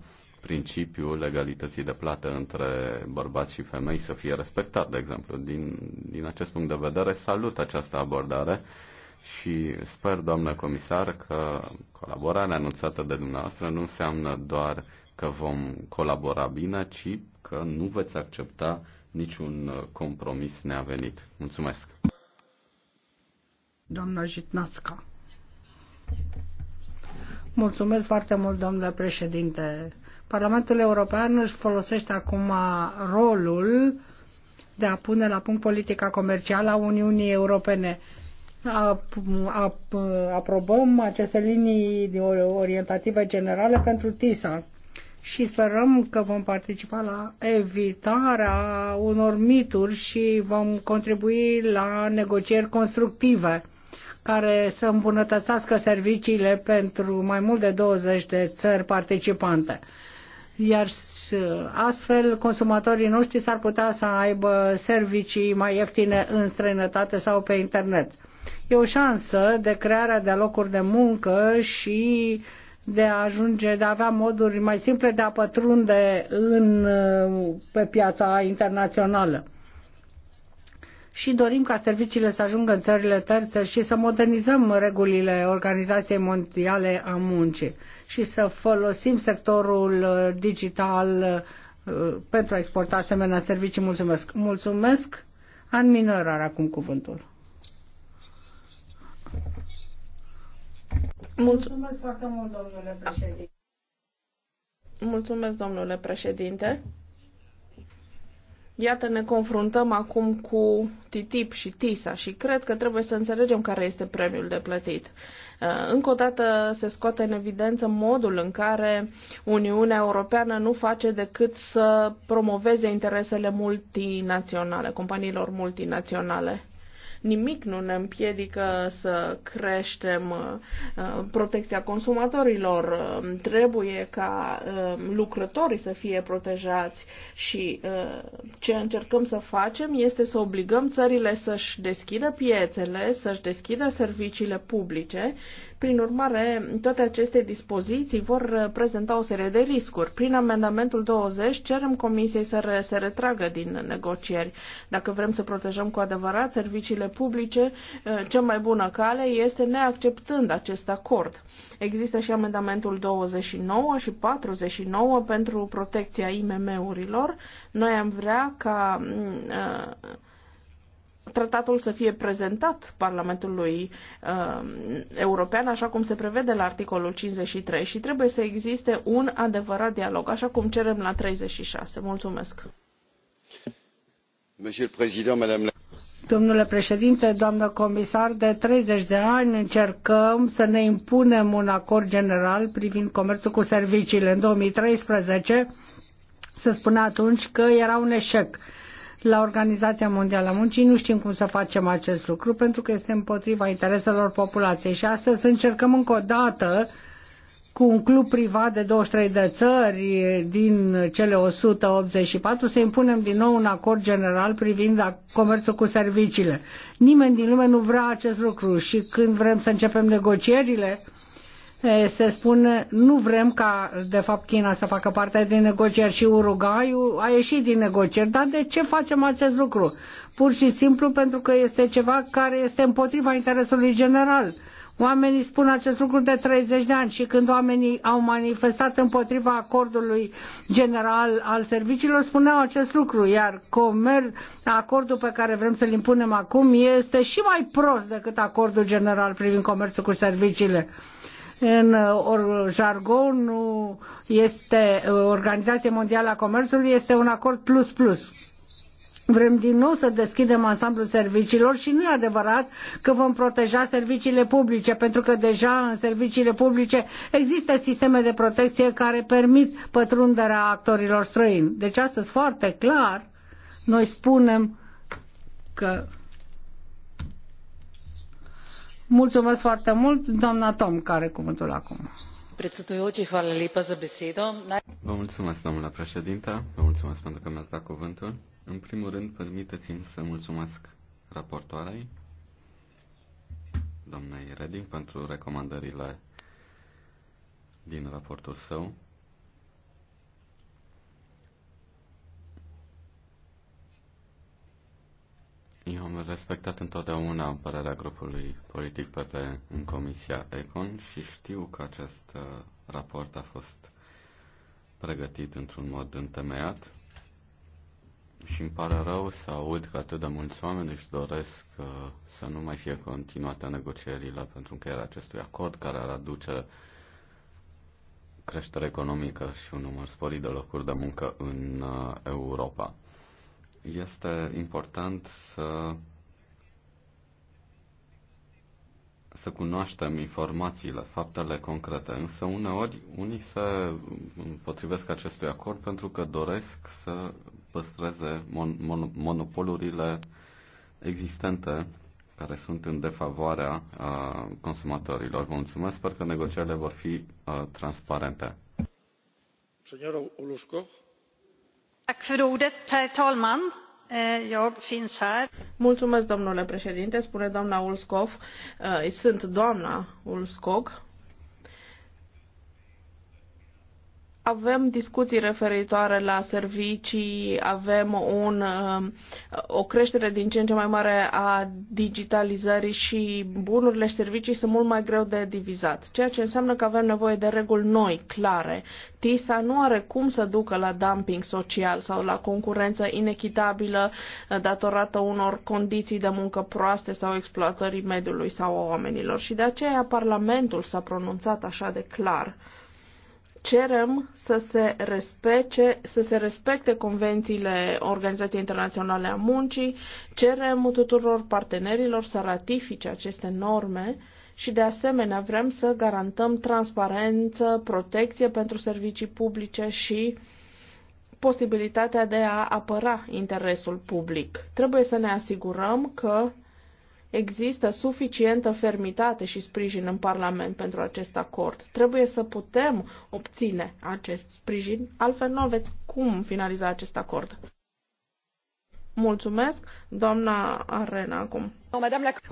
principiul legalității de plată între bărbați și femei să fie respectat, de exemplu. Din, din acest punct de vedere, salut această abordare și sper, doamnă comisar, că colaborarea anunțată de dumneavoastră nu înseamnă doar că vom colabora bine, ci că nu veți accepta niciun compromis neavenit. Mulțumesc! Doamna Jitnațca. Mulțumesc foarte mult, domnule președinte. Parlamentul European își folosește acum rolul de a pune la punct politica comercială a Uniunii Europene. A, a, aprobăm aceste linii orientative generale pentru TISA și sperăm că vom participa la evitarea unor mituri și vom contribui la negocieri constructive care să îmbunătățească serviciile pentru mai mult de 20 de țări participante iar astfel consumatorii noștri s-ar putea să aibă servicii mai ieftine în străinătate sau pe internet. E o șansă de crearea de locuri de muncă și de a ajunge, de a avea moduri mai simple de a pătrunde în, pe piața internațională. Și dorim ca serviciile să ajungă în țările terțe și să modernizăm regulile Organizației Mondiale a Muncii și să folosim sectorul uh, digital uh, pentru a exporta asemenea servicii. Mulțumesc! Mulțumesc! An minor are acum cuvântul. Mulțumesc foarte mult, domnule președinte. Mulțumesc, domnule președinte. Iată, ne confruntăm acum cu TTIP și TISA și cred că trebuie să înțelegem care este premiul de plătit. Uh, încă o dată se scoate în evidență modul în care Uniunea Europeană nu face decât să promoveze interesele multinaționale, companiilor multinaționale nimic nu ne împiedică să creștem uh, protecția consumatorilor. Uh, trebuie ca uh, lucrătorii să fie protejați și ce încercăm să facem este să obligăm țările să-și deschidă piețele, să-și deschidă serviciile publice prin urmare, toate aceste dispoziții vor uh, prezenta o serie de riscuri. Prin amendamentul 20 cerem Comisiei să re, se retragă din negocieri. Dacă vrem să protejăm cu adevărat serviciile publice, uh, cea mai bună cale este neacceptând acest acord. Există și amendamentul 29 și 49 pentru protecția IMM-urilor. Noi am vrea ca mm, uh, tratatul să fie prezentat Parlamentului uh, European, așa cum se prevede la articolul 53 și trebuie să existe un adevărat dialog, așa cum cerem la 36. Mulțumesc. Domnule președinte, doamnă comisar, de 30 de ani încercăm să ne impunem un acord general privind comerțul cu serviciile. În 2013 se spunea atunci că era un eșec la Organizația Mondială a Muncii, nu știm cum să facem acest lucru pentru că este împotriva intereselor populației și astăzi încercăm încă o dată cu un club privat de 23 de țări din cele 184 să impunem din nou un acord general privind comerțul cu serviciile. Nimeni din lume nu vrea acest lucru și când vrem să începem negocierile, se spune nu vrem ca, de fapt, China să facă parte din negocieri și Uruguay a ieșit din negocieri. Dar de ce facem acest lucru? Pur și simplu pentru că este ceva care este împotriva interesului general. Oamenii spun acest lucru de 30 de ani și când oamenii au manifestat împotriva acordului general al serviciilor, spuneau acest lucru, iar comer, acordul pe care vrem să-l impunem acum este și mai prost decât acordul general privind comerțul cu serviciile în uh, jargonul este uh, Organizația Mondială a Comerțului este un acord plus plus. Vrem din nou să deschidem ansamblul serviciilor și nu e adevărat că vom proteja serviciile publice, pentru că deja în serviciile publice există sisteme de protecție care permit pătrunderea actorilor străini. Deci astăzi foarte clar noi spunem că Mulțumesc foarte mult, doamna Tom, care cuvântul acum. Vă mulțumesc, domnule președinte, vă mulțumesc pentru că mi-ați dat cuvântul. În primul rând, permiteți-mi să mulțumesc raportoarei, doamnei Reding, pentru recomandările din raportul său. Eu am respectat întotdeauna părerea grupului politic PP în Comisia Econ și știu că acest uh, raport a fost pregătit într-un mod întemeiat și îmi pare rău să aud că atât de mulți oameni își doresc uh, să nu mai fie continuate negocierile pentru încheierea acestui acord care ar aduce creștere economică și un număr sporit de locuri de muncă în uh, Europa. Este important să să cunoaștem informațiile, faptele concrete, însă uneori unii se potrivesc acestui acord pentru că doresc să păstreze mon- mon- monopolurile existente care sunt în defavoarea a consumatorilor. Vă mulțumesc, sper că negocierile vor fi a, transparente. Senorul Olusco. Eh, domnule președinte, spune doamna ulvskog eh, Sunt doamna ulvskog avem discuții referitoare la servicii, avem un, um, o creștere din ce în ce mai mare a digitalizării și bunurile și servicii sunt mult mai greu de divizat, ceea ce înseamnă că avem nevoie de reguli noi, clare. TISA nu are cum să ducă la dumping social sau la concurență inechitabilă uh, datorată unor condiții de muncă proaste sau exploatării mediului sau a oamenilor. Și de aceea Parlamentul s-a pronunțat așa de clar cerem să se, respecte, să se respecte convențiile Organizației Internaționale a Muncii, cerem tuturor partenerilor să ratifice aceste norme și de asemenea vrem să garantăm transparență, protecție pentru servicii publice și posibilitatea de a apăra interesul public. Trebuie să ne asigurăm că există suficientă fermitate și sprijin în Parlament pentru acest acord. Trebuie să putem obține acest sprijin, altfel nu aveți cum finaliza acest acord. Mulțumesc, doamna Arena, acum.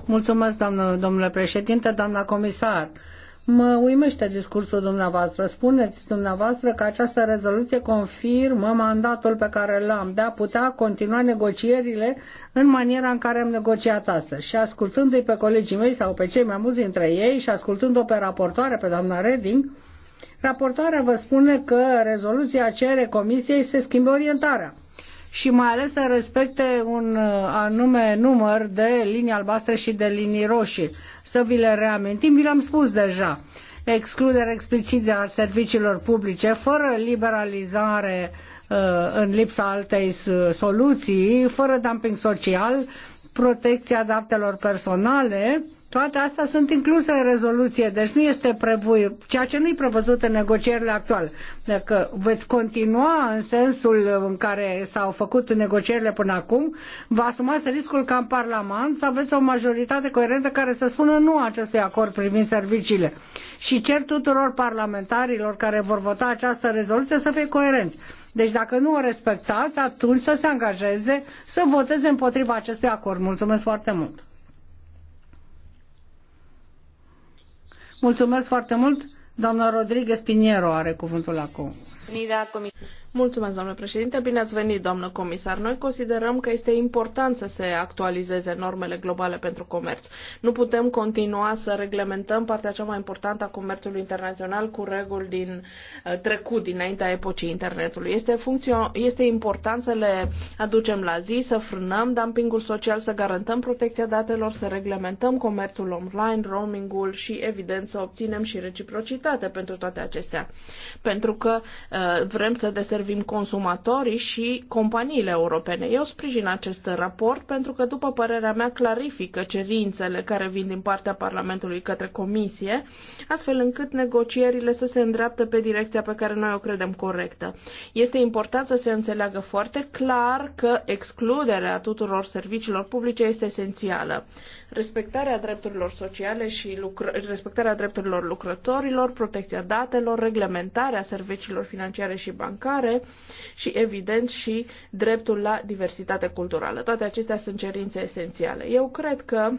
Mulțumesc, doamnă, domnule președinte, doamna comisar. Mă uimește discursul dumneavoastră. Spuneți dumneavoastră că această rezoluție confirmă mandatul pe care l-am de a putea continua negocierile în maniera în care am negociat astăzi. Și ascultându-i pe colegii mei sau pe cei mai mulți dintre ei și ascultându o pe raportoare, pe doamna Reding, raportoarea vă spune că rezoluția cere comisiei să schimbe orientarea și mai ales să respecte un uh, anume număr de linii albastre și de linii roșii. Să vi le reamintim, vi le-am spus deja. Excludere explicită a serviciilor publice, fără liberalizare uh, în lipsa altei soluții, fără dumping social, protecția datelor personale, toate astea sunt incluse în rezoluție, deci nu este prevui, ceea ce nu-i prevăzut în negocierile actuale. Dacă veți continua în sensul în care s-au făcut negocierile până acum, vă asumați riscul ca în Parlament să aveți o majoritate coerentă care să spună nu acestui acord privind serviciile. Și cer tuturor parlamentarilor care vor vota această rezoluție să fie coerenți. Deci dacă nu o respectați, atunci să se angajeze să voteze împotriva acestui acord. Mulțumesc foarte mult! Mulțumesc foarte mult. Doamna Rodriguez Piniero are cuvântul acum. Mulțumesc, doamnă președinte. Bine ați venit, doamnă comisar. Noi considerăm că este important să se actualizeze normele globale pentru comerț. Nu putem continua să reglementăm partea cea mai importantă a comerțului internațional cu reguli din uh, trecut, dinaintea epocii internetului. Este, funcțio- este important să le aducem la zi, să frânăm dumpingul social, să garantăm protecția datelor, să reglementăm comerțul online, roamingul și, evident, să obținem și reciprocitate pentru toate acestea. Pentru că uh, vrem să deservim servim consumatorii și companiile europene. Eu sprijin acest raport pentru că, după părerea mea, clarifică cerințele care vin din partea Parlamentului către Comisie, astfel încât negocierile să se îndreaptă pe direcția pe care noi o credem corectă. Este important să se înțeleagă foarte clar că excluderea tuturor serviciilor publice este esențială respectarea drepturilor sociale și lucr- respectarea drepturilor lucrătorilor, protecția datelor, reglementarea serviciilor financiare și bancare și, evident, și dreptul la diversitate culturală. Toate acestea sunt cerințe esențiale. Eu cred că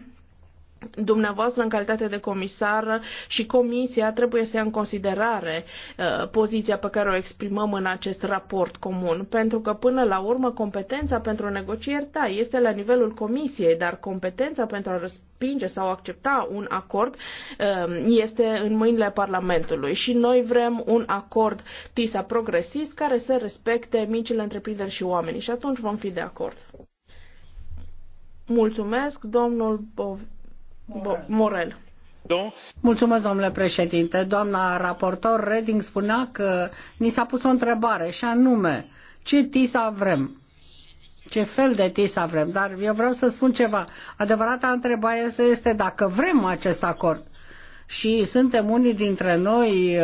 dumneavoastră în calitate de comisar și comisia trebuie să ia în considerare uh, poziția pe care o exprimăm în acest raport comun, pentru că până la urmă competența pentru negocieri, da, este la nivelul comisiei, dar competența pentru a respinge sau accepta un acord uh, este în mâinile Parlamentului și noi vrem un acord TISA progresist care să respecte micile întreprinderi și oamenii și atunci vom fi de acord. Mulțumesc, domnul Bov Morel. Mulțumesc, domnule președinte. Doamna raportor Reding spunea că ni s-a pus o întrebare și anume, ce TISA vrem? Ce fel de TISA vrem? Dar eu vreau să spun ceva. Adevărata întrebare este, este dacă vrem acest acord. Și suntem unii dintre noi,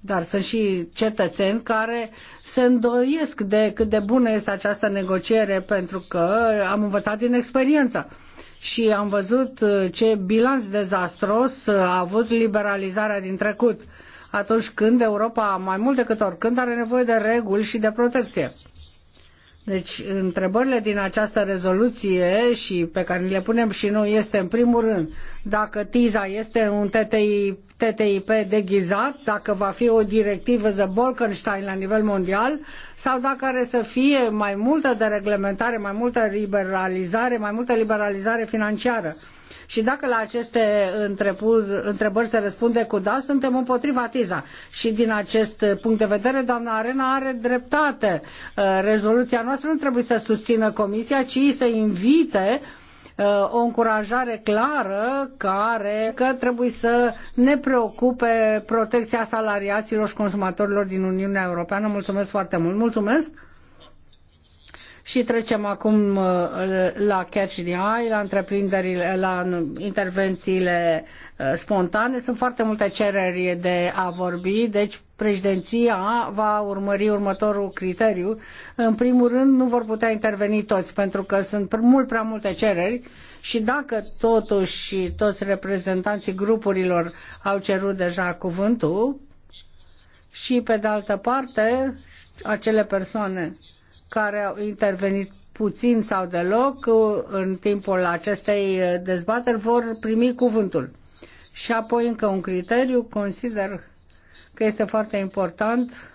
dar sunt și cetățeni care se îndoiesc de cât de bună este această negociere pentru că am învățat din experiență și am văzut uh, ce bilanț dezastros uh, a avut liberalizarea din trecut, atunci când Europa, mai mult decât oricând, are nevoie de reguli și de protecție. Deci, întrebările din această rezoluție și pe care le punem și noi este, în primul rând, dacă TISA este un TTIP TTIP deghizat, dacă va fi o directivă de Bolkenstein la nivel mondial, sau dacă are să fie mai multă de reglementare, mai multă liberalizare, mai multă liberalizare financiară. Și dacă la aceste întrebări se răspunde cu da, suntem împotriva TISA. Și din acest punct de vedere, doamna Arena are dreptate. Uh, rezoluția noastră nu trebuie să susțină Comisia, ci să invite uh, Uh, o încurajare clară care că trebuie să ne preocupe protecția salariaților și consumatorilor din Uniunea Europeană. Mulțumesc foarte mult! Mulțumesc! Și trecem acum uh, la catch the eye, la întreprinderile, la intervențiile uh, spontane. Sunt foarte multe cereri de a vorbi, deci președinția va urmări următorul criteriu. În primul rând, nu vor putea interveni toți, pentru că sunt mult prea multe cereri și dacă totuși toți reprezentanții grupurilor au cerut deja cuvântul și, pe de altă parte, acele persoane care au intervenit puțin sau deloc uh, în timpul acestei uh, dezbateri vor primi cuvântul. Și apoi încă un criteriu, consider că este foarte important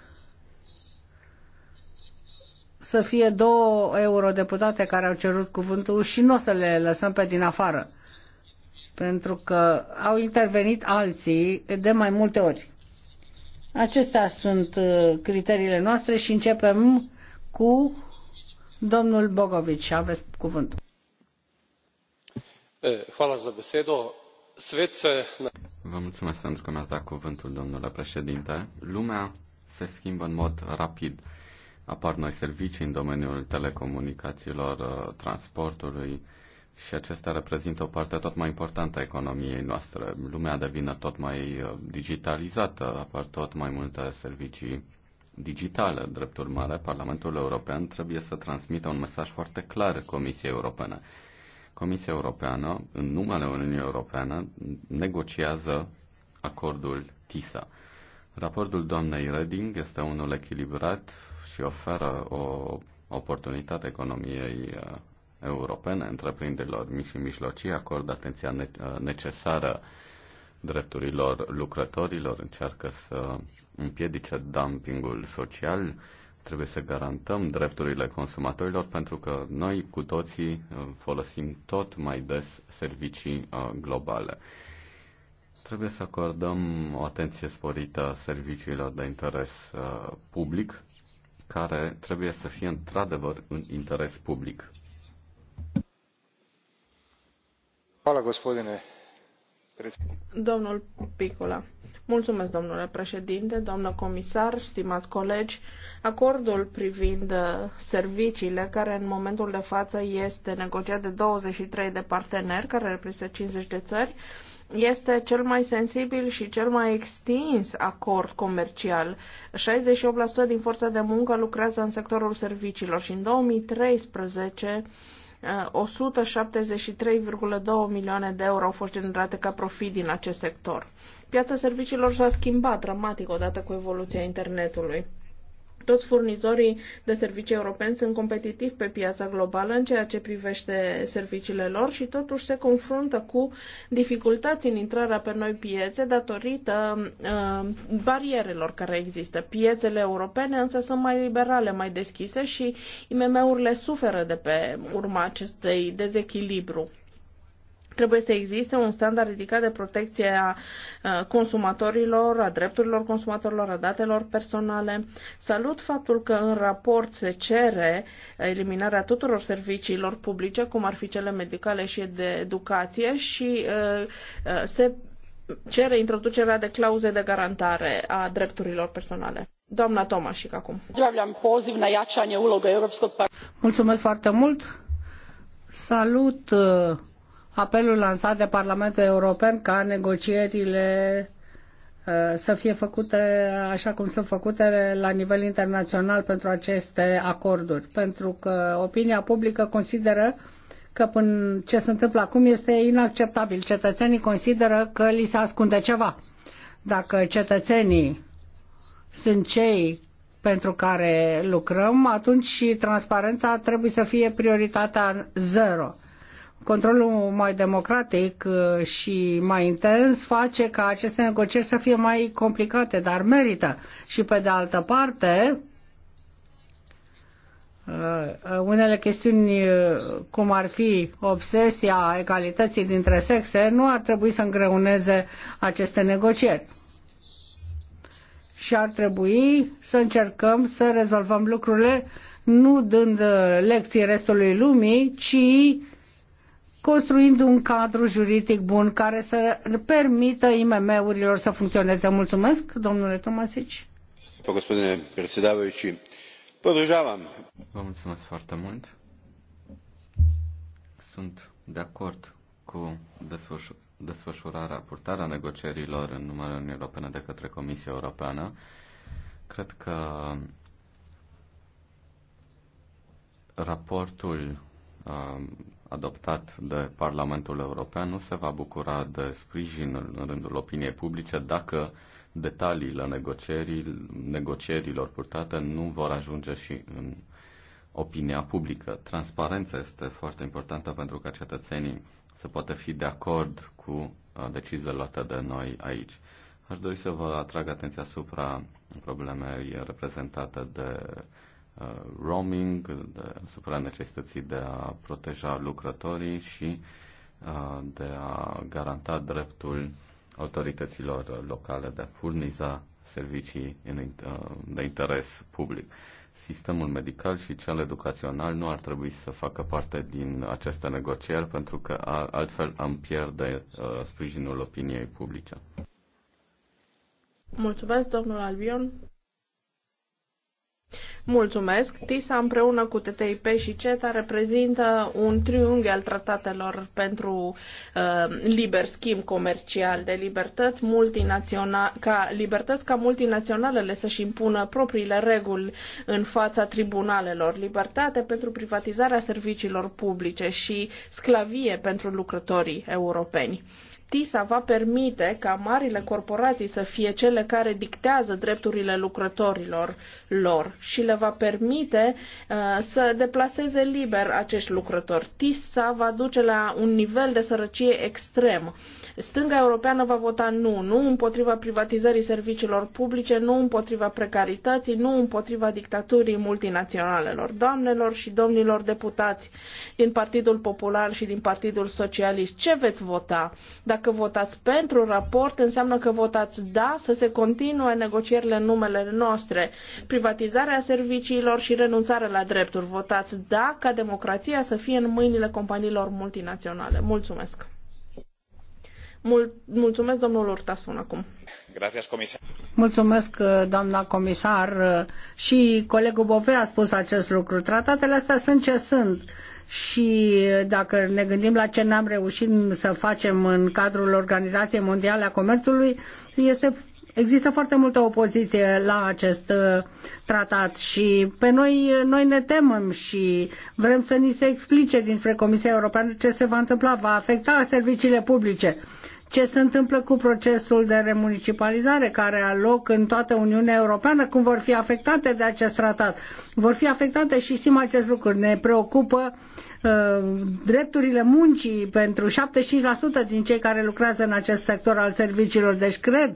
să fie două eurodeputate care au cerut cuvântul și nu o să le lăsăm pe din afară, pentru că au intervenit alții de mai multe ori. Acestea sunt uh, criteriile noastre și începem cu domnul Bogovici. Aveți cuvântul. Eh, hvala za besedo. Vă mulțumesc pentru că mi-ați dat cuvântul, domnule președinte. Lumea se schimbă în mod rapid. Apar noi servicii în domeniul telecomunicațiilor, uh, transportului și acestea reprezintă o parte tot mai importantă a economiei noastre. Lumea devine tot mai uh, digitalizată, apar tot mai multe servicii digitale. Drept urmare, Parlamentul European trebuie să transmită un mesaj foarte clar Comisiei Europene Comisia Europeană, în numele Uniunii Europene, negociază acordul TISA. Raportul doamnei Reding este unul echilibrat și oferă o oportunitate economiei uh, europene, întreprinderilor mici și mijlocii, acordă atenția uh, necesară drepturilor lucrătorilor, încearcă să împiedice dumpingul social, trebuie să garantăm drepturile consumatorilor pentru că noi cu toții uh, folosim tot mai des servicii uh, globale. Trebuie să acordăm o atenție sporită serviciilor de interes uh, public, care trebuie să fie într-adevăr în interes public. Hvala gospodine Domnul Picula. Mulțumesc, domnule președinte, doamnă comisar, stimați colegi. Acordul privind uh, serviciile, care în momentul de față este negociat de 23 de parteneri, care reprezintă 50 de țări, este cel mai sensibil și cel mai extins acord comercial. 68% din forța de muncă lucrează în sectorul serviciilor și în 2013 173,2 milioane de euro au fost generate ca profit din acest sector. Piața serviciilor s-a schimbat dramatic odată cu evoluția internetului. Toți furnizorii de servicii europeni sunt competitivi pe piața globală în ceea ce privește serviciile lor și totuși se confruntă cu dificultăți în intrarea pe noi piețe datorită uh, barierelor care există. Piețele europene însă sunt mai liberale, mai deschise și IMM-urile suferă de pe urma acestei dezechilibru. Trebuie să existe un standard ridicat de protecție a consumatorilor, a drepturilor consumatorilor, a datelor personale. Salut faptul că în raport se cere eliminarea tuturor serviciilor publice, cum ar fi cele medicale și de educație, și se cere introducerea de clauze de garantare a drepturilor personale. Doamna și acum. Mulțumesc foarte mult. Salut apelul lansat de Parlamentul European ca negocierile uh, să fie făcute așa cum sunt făcute la nivel internațional pentru aceste acorduri. Pentru că opinia publică consideră că până ce se întâmplă acum este inacceptabil. Cetățenii consideră că li se ascunde ceva. Dacă cetățenii sunt cei pentru care lucrăm, atunci transparența trebuie să fie prioritatea zero controlul mai democratic uh, și mai intens face ca aceste negocieri să fie mai complicate, dar merită. Și pe de altă parte, uh, unele chestiuni, uh, cum ar fi obsesia egalității dintre sexe, nu ar trebui să îngreuneze aceste negocieri. Și ar trebui să încercăm să rezolvăm lucrurile nu dând lecții restului lumii, ci construind un cadru juridic bun care să permită IMM-urilor să funcționeze. Mulțumesc, domnule Tomasici. Vă mulțumesc foarte mult. Sunt de acord cu desfășurarea, purtarea negocierilor în numele Uniunii Europene de către Comisia Europeană. Cred că raportul Um, adoptat de Parlamentul European nu se va bucura de sprijin în rândul opiniei publice dacă detaliile negocierii, negocierilor purtate nu vor ajunge și în opinia publică. Transparența este foarte importantă pentru ca cetățenii să poată fi de acord cu uh, deciziile luate de noi aici. Aș dori să vă atrag atenția asupra problemei reprezentate de Uh, roaming, de, asupra necesității de a proteja lucrătorii și uh, de a garanta dreptul autorităților locale de a furniza servicii uh, de interes public. Sistemul medical și cel educațional nu ar trebui să facă parte din aceste negocieri pentru că altfel am pierde sprijinul opiniei publice. Mulțumesc, domnul Albion. Mulțumesc. TISA împreună cu TTIP și CETA reprezintă un triunghi al tratatelor pentru uh, liber schimb comercial de libertăți multinaționale, ca libertăți ca multinaționalele să-și impună propriile reguli în fața tribunalelor, libertate pentru privatizarea serviciilor publice și sclavie pentru lucrătorii europeni. TISA va permite ca marile corporații să fie cele care dictează drepturile lucrătorilor lor și le va permite uh, să deplaseze liber acești lucrători. TISA va duce la un nivel de sărăcie extrem. Uh, Stânga europeană va vota nu, nu împotriva privatizării serviciilor publice, nu împotriva precarității, nu împotriva dictaturii multinaționalelor. Doamnelor și domnilor deputați din Partidul Popular și din Partidul Socialist, ce veți vota? Dacă votați pentru raport, înseamnă că votați da să se continue negocierile în numele noastre, privatizarea serviciilor și renunțarea la drepturi. Votați da ca democrația să fie în mâinile companiilor multinaționale. Mulțumesc! mulțumesc, domnul Ortasun, acum. Gracias, comisar. Mulțumesc, uh, doamna comisar. Uh, și colegul Bove a spus acest lucru. Tratatele astea sunt ce sunt. Și uh, dacă ne gândim la ce n-am reușit să facem în cadrul Organizației Mondiale a Comerțului, este Există foarte multă opoziție la acest tratat și pe noi, noi ne temem și vrem să ni se explice dinspre Comisia Europeană ce se va întâmpla, va afecta serviciile publice ce se întâmplă cu procesul de remunicipalizare care are loc în toată Uniunea Europeană, cum vor fi afectate de acest tratat. Vor fi afectate și știm acest lucru. Ne preocupă uh, drepturile muncii pentru 75% din cei care lucrează în acest sector al serviciilor. Deci cred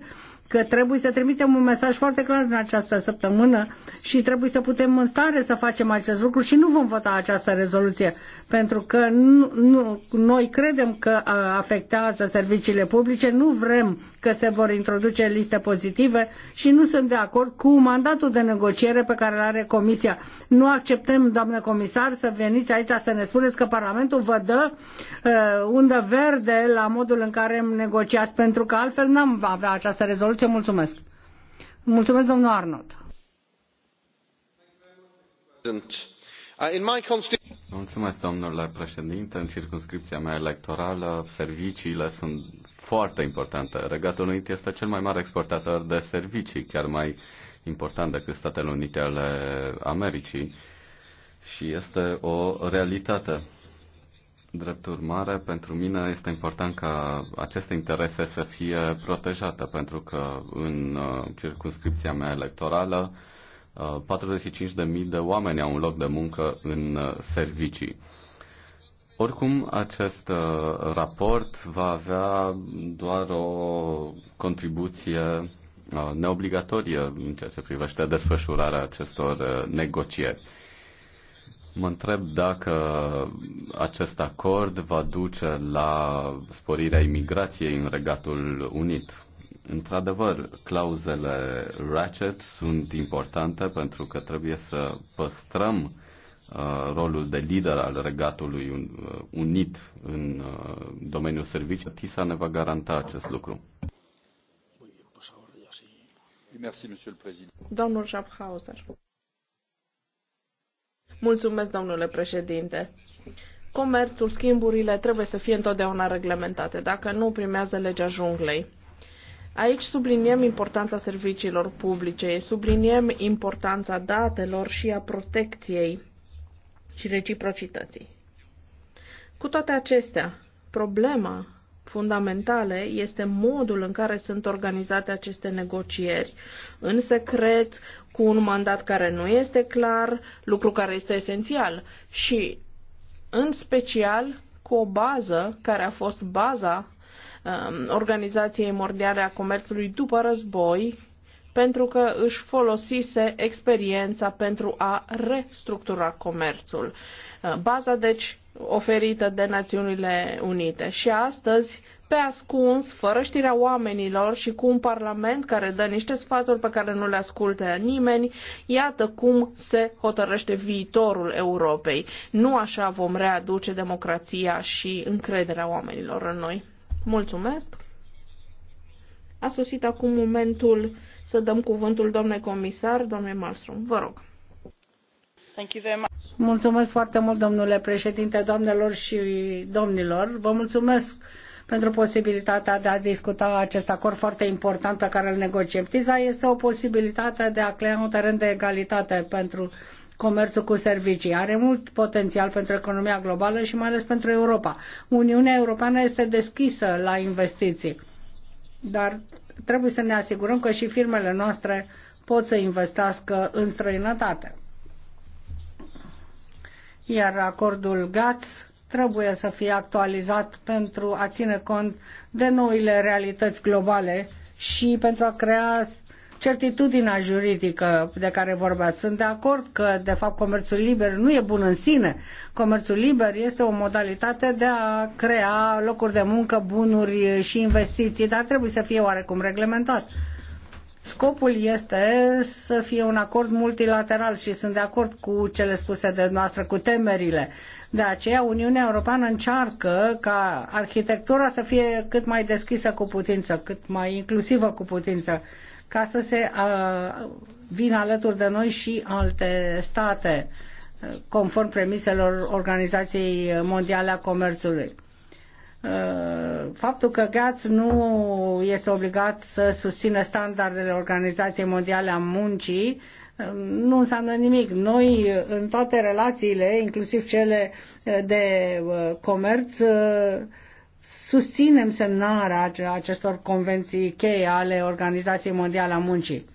că trebuie să trimitem un mesaj foarte clar în această săptămână și trebuie să putem în stare să facem acest lucru și nu vom vota această rezoluție pentru că nu, nu, noi credem că afectează serviciile publice, nu vrem că se vor introduce liste pozitive și nu sunt de acord cu mandatul de negociere pe care îl are Comisia. Nu acceptăm, doamnă comisar, să veniți aici să ne spuneți că Parlamentul vă dă uh, undă verde la modul în care negociați, pentru că altfel n-am avea această rezoluție. Mulțumesc. Mulțumesc, domnul Arnold. you. Uh, domnule președinte. În circunscripția mea electorală, serviciile sunt foarte importante. Regatul Unit este cel mai mare exportator de servicii, chiar mai important decât Statele Unite ale Americii și este o realitate. Drept urmare, pentru mine este important ca aceste interese să fie protejate, pentru că în uh, circunscripția mea electorală 45.000 uh, de oameni au un loc de muncă în uh, servicii. Oricum, acest uh, raport va avea doar o contribuție neobligatorie în ceea ce privește desfășurarea acestor negocieri. Mă întreb dacă acest acord va duce la sporirea imigrației în Regatul Unit. Într-adevăr, clauzele ratchet sunt importante pentru că trebuie să păstrăm uh, rolul de lider al regatului uh, unit în uh, domeniul serviciilor. TISA ne va garanta acest lucru. Domnul Schaffhauser. Mulțumesc, domnule președinte comerțul, schimburile trebuie să fie întotdeauna reglementate, dacă nu primează legea junglei. Aici subliniem importanța serviciilor publice, subliniem importanța datelor și a protecției și reciprocității. Cu toate acestea, problema fundamentală este modul în care sunt organizate aceste negocieri, în secret, cu un mandat care nu este clar, lucru care este esențial și, în special, cu o bază care a fost baza Um, Organizației Mondiale a Comerțului după război, pentru că își folosise experiența pentru a restructura comerțul. Uh, baza, deci, oferită de Națiunile Unite. Și astăzi, pe ascuns, fără știrea oamenilor și cu un parlament care dă niște sfaturi pe care nu le ascultă nimeni, iată cum se hotărăște viitorul Europei. Nu așa vom readuce democrația și încrederea oamenilor în noi. Mulțumesc. A sosit acum momentul să dăm cuvântul domnului comisar, domnule Malmström. Vă rog. Mulțumesc foarte mult, domnule președinte, doamnelor și domnilor. Vă mulțumesc pentru posibilitatea de a discuta acest acord foarte important pe care îl negociem. TISA este o posibilitate de a crea un teren de egalitate pentru comerțul cu servicii. Are mult potențial pentru economia globală și mai ales pentru Europa. Uniunea Europeană este deschisă la investiții, dar trebuie să ne asigurăm că și firmele noastre pot să investească în străinătate. Iar acordul GATS trebuie să fie actualizat pentru a ține cont de noile realități globale și pentru a crea certitudinea juridică de care vorbeați. Sunt de acord că, de fapt, comerțul liber nu e bun în sine. Comerțul liber este o modalitate de a crea locuri de muncă, bunuri și investiții, dar trebuie să fie oarecum reglementat. Scopul este să fie un acord multilateral și sunt de acord cu cele spuse de noastră, cu temerile. De aceea Uniunea Europeană încearcă ca arhitectura să fie cât mai deschisă cu putință, cât mai inclusivă cu putință ca să se uh, vină alături de noi și alte state, conform premiselor Organizației Mondiale a Comerțului faptul că GATS nu este obligat să susțină standardele Organizației Mondiale a Muncii nu înseamnă nimic. Noi, în toate relațiile, inclusiv cele de comerț, susținem semnarea acestor convenții cheie ale Organizației Mondiale a Muncii.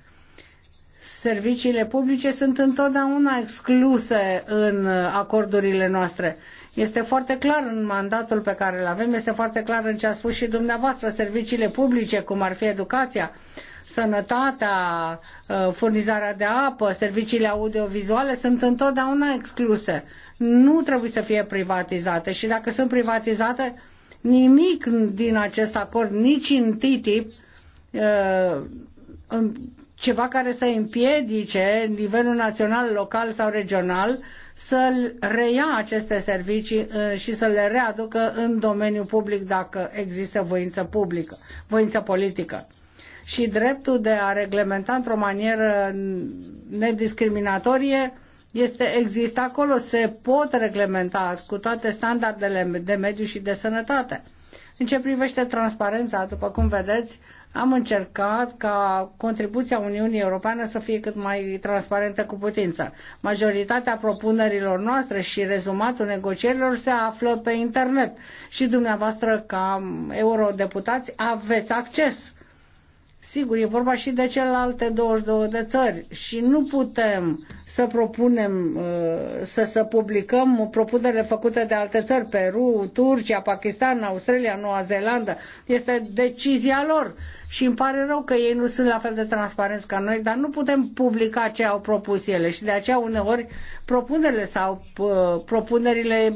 Serviciile publice sunt întotdeauna excluse în acordurile noastre. Este foarte clar în mandatul pe care îl avem, este foarte clar în ce a spus și dumneavoastră, serviciile publice, cum ar fi educația, sănătatea, uh, furnizarea de apă, serviciile audiovizuale sunt întotdeauna excluse. Nu trebuie să fie privatizate și dacă sunt privatizate, nimic din acest acord, nici în TTIP, uh, ceva care să împiedice nivelul național, local sau regional să reia aceste servicii uh, și să le readucă în domeniul public dacă există voință publică, voință politică. Și dreptul de a reglementa într-o manieră nediscriminatorie este, există acolo, se pot reglementa cu toate standardele de mediu și de sănătate. În ce privește transparența, după cum vedeți, am încercat ca contribuția Uniunii Europene să fie cât mai transparentă cu putință. Majoritatea propunerilor noastre și rezumatul negocierilor se află pe internet și dumneavoastră ca eurodeputați aveți acces Sigur, e vorba și de celelalte 22 de țări și nu putem să propunem, uh, să, să publicăm propunere făcute de alte țări, Peru, Turcia, Pakistan, Australia, Noua Zeelandă. Este decizia lor și îmi pare rău că ei nu sunt la fel de transparenți ca noi, dar nu putem publica ce au propus ele și de aceea uneori propunerile sau uh, propunerile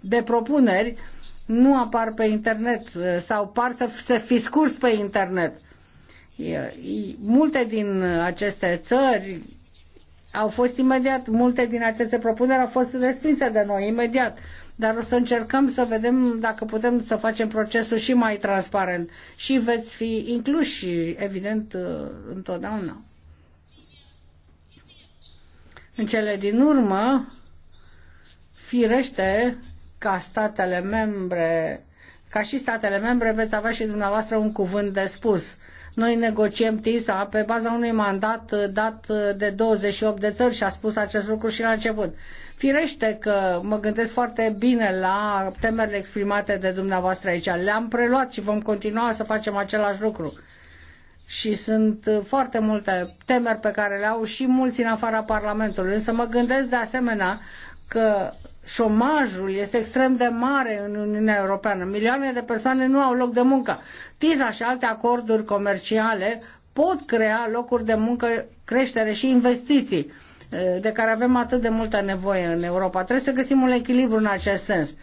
de propuneri nu apar pe internet uh, sau par să, se fi scurs pe internet Multe din aceste țări au fost imediat, multe din aceste propuneri au fost respinse de noi imediat dar o să încercăm să vedem dacă putem să facem procesul și mai transparent și veți fi incluși, evident, uh, întotdeauna. În cele din urmă, firește ca statele membre, ca și statele membre, veți avea și dumneavoastră un cuvânt de spus noi negociem TISA pe baza unui mandat uh, dat uh, de 28 de țări și a spus acest lucru și la început. Firește că mă gândesc foarte bine la temerile exprimate de dumneavoastră aici. Le-am preluat și vom continua să facem același lucru. Și sunt uh, foarte multe temeri pe care le au și mulți în afara Parlamentului. Însă mă gândesc de asemenea că șomajul este extrem de mare în Uniunea Europeană. Milioane de persoane nu au loc de muncă. TISA și alte acorduri comerciale pot crea locuri de muncă, creștere și investiții eh, de care avem atât de multă nevoie în Europa. Trebuie să găsim un echilibru în acest sens.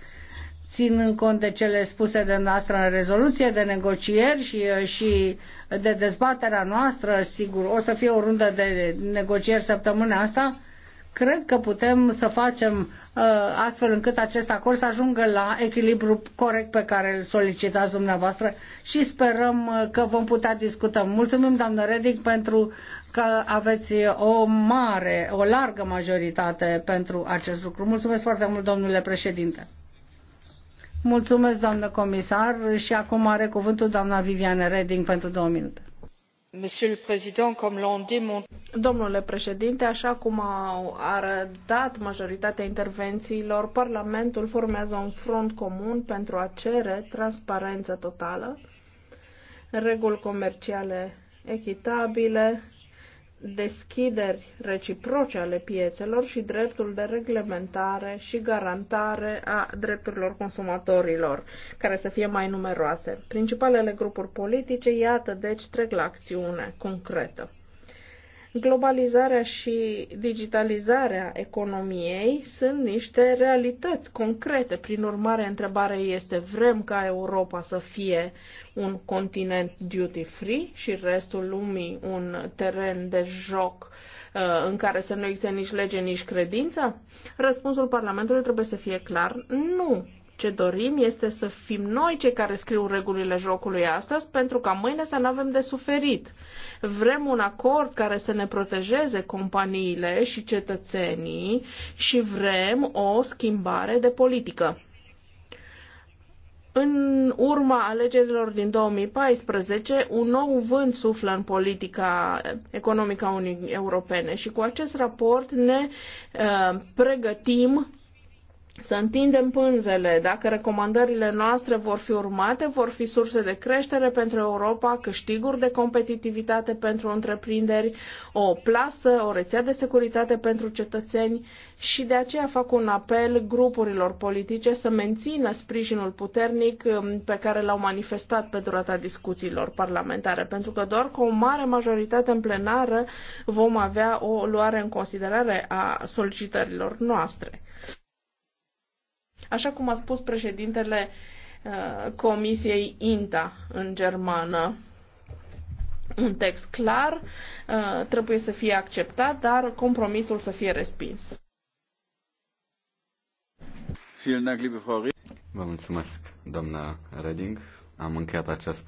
Ținând cont de cele spuse de noastră în rezoluție, de negocieri și, eh, și de dezbaterea noastră, sigur, o să fie o rundă de negocieri săptămâna asta, Cred că putem să facem uh, astfel încât acest acord să ajungă la echilibru corect pe care îl solicitați dumneavoastră și sperăm uh, că vom putea discuta. Mulțumim, doamnă Reding, pentru că aveți o mare, o largă majoritate pentru acest lucru. Mulțumesc foarte mult, domnule președinte. Mulțumesc, doamnă comisar, și acum are cuvântul doamna Viviane Reding pentru două minute. Domnule președinte, așa cum au arătat majoritatea intervențiilor, Parlamentul formează un front comun pentru a cere transparență totală, reguli comerciale echitabile, deschideri reciproce ale piețelor și dreptul de reglementare și garantare a drepturilor consumatorilor, care să fie mai numeroase. Principalele grupuri politice, iată, deci trec la acțiune concretă. Globalizarea și digitalizarea economiei sunt niște realități concrete. Prin urmare, întrebarea este vrem ca Europa să fie un continent duty-free și restul lumii un teren de joc uh, în care să nu existe nici lege, nici credință? Răspunsul Parlamentului trebuie să fie clar nu. Ce dorim este să fim noi cei care scriu regulile jocului astăzi, pentru ca mâine să nu avem de suferit. Vrem un acord care să ne protejeze companiile și cetățenii și vrem o schimbare de politică. În urma alegerilor din 2014, un nou vânt suflă în politica economică a Uniunii Europene și cu acest raport ne uh, pregătim să întindem pânzele. Dacă recomandările noastre vor fi urmate, vor fi surse de creștere pentru Europa, câștiguri de competitivitate pentru întreprinderi, o plasă, o rețea de securitate pentru cetățeni și de aceea fac un apel grupurilor politice să mențină sprijinul puternic um, pe care l-au manifestat pe durata discuțiilor parlamentare, pentru că doar cu o mare majoritate în plenară vom avea o luare în considerare a solicitărilor noastre așa cum a spus președintele uh, Comisiei INTA în germană. Un text clar uh, trebuie să fie acceptat, dar compromisul să fie respins. Vă mulțumesc, doamna Reding. Am încheiat acest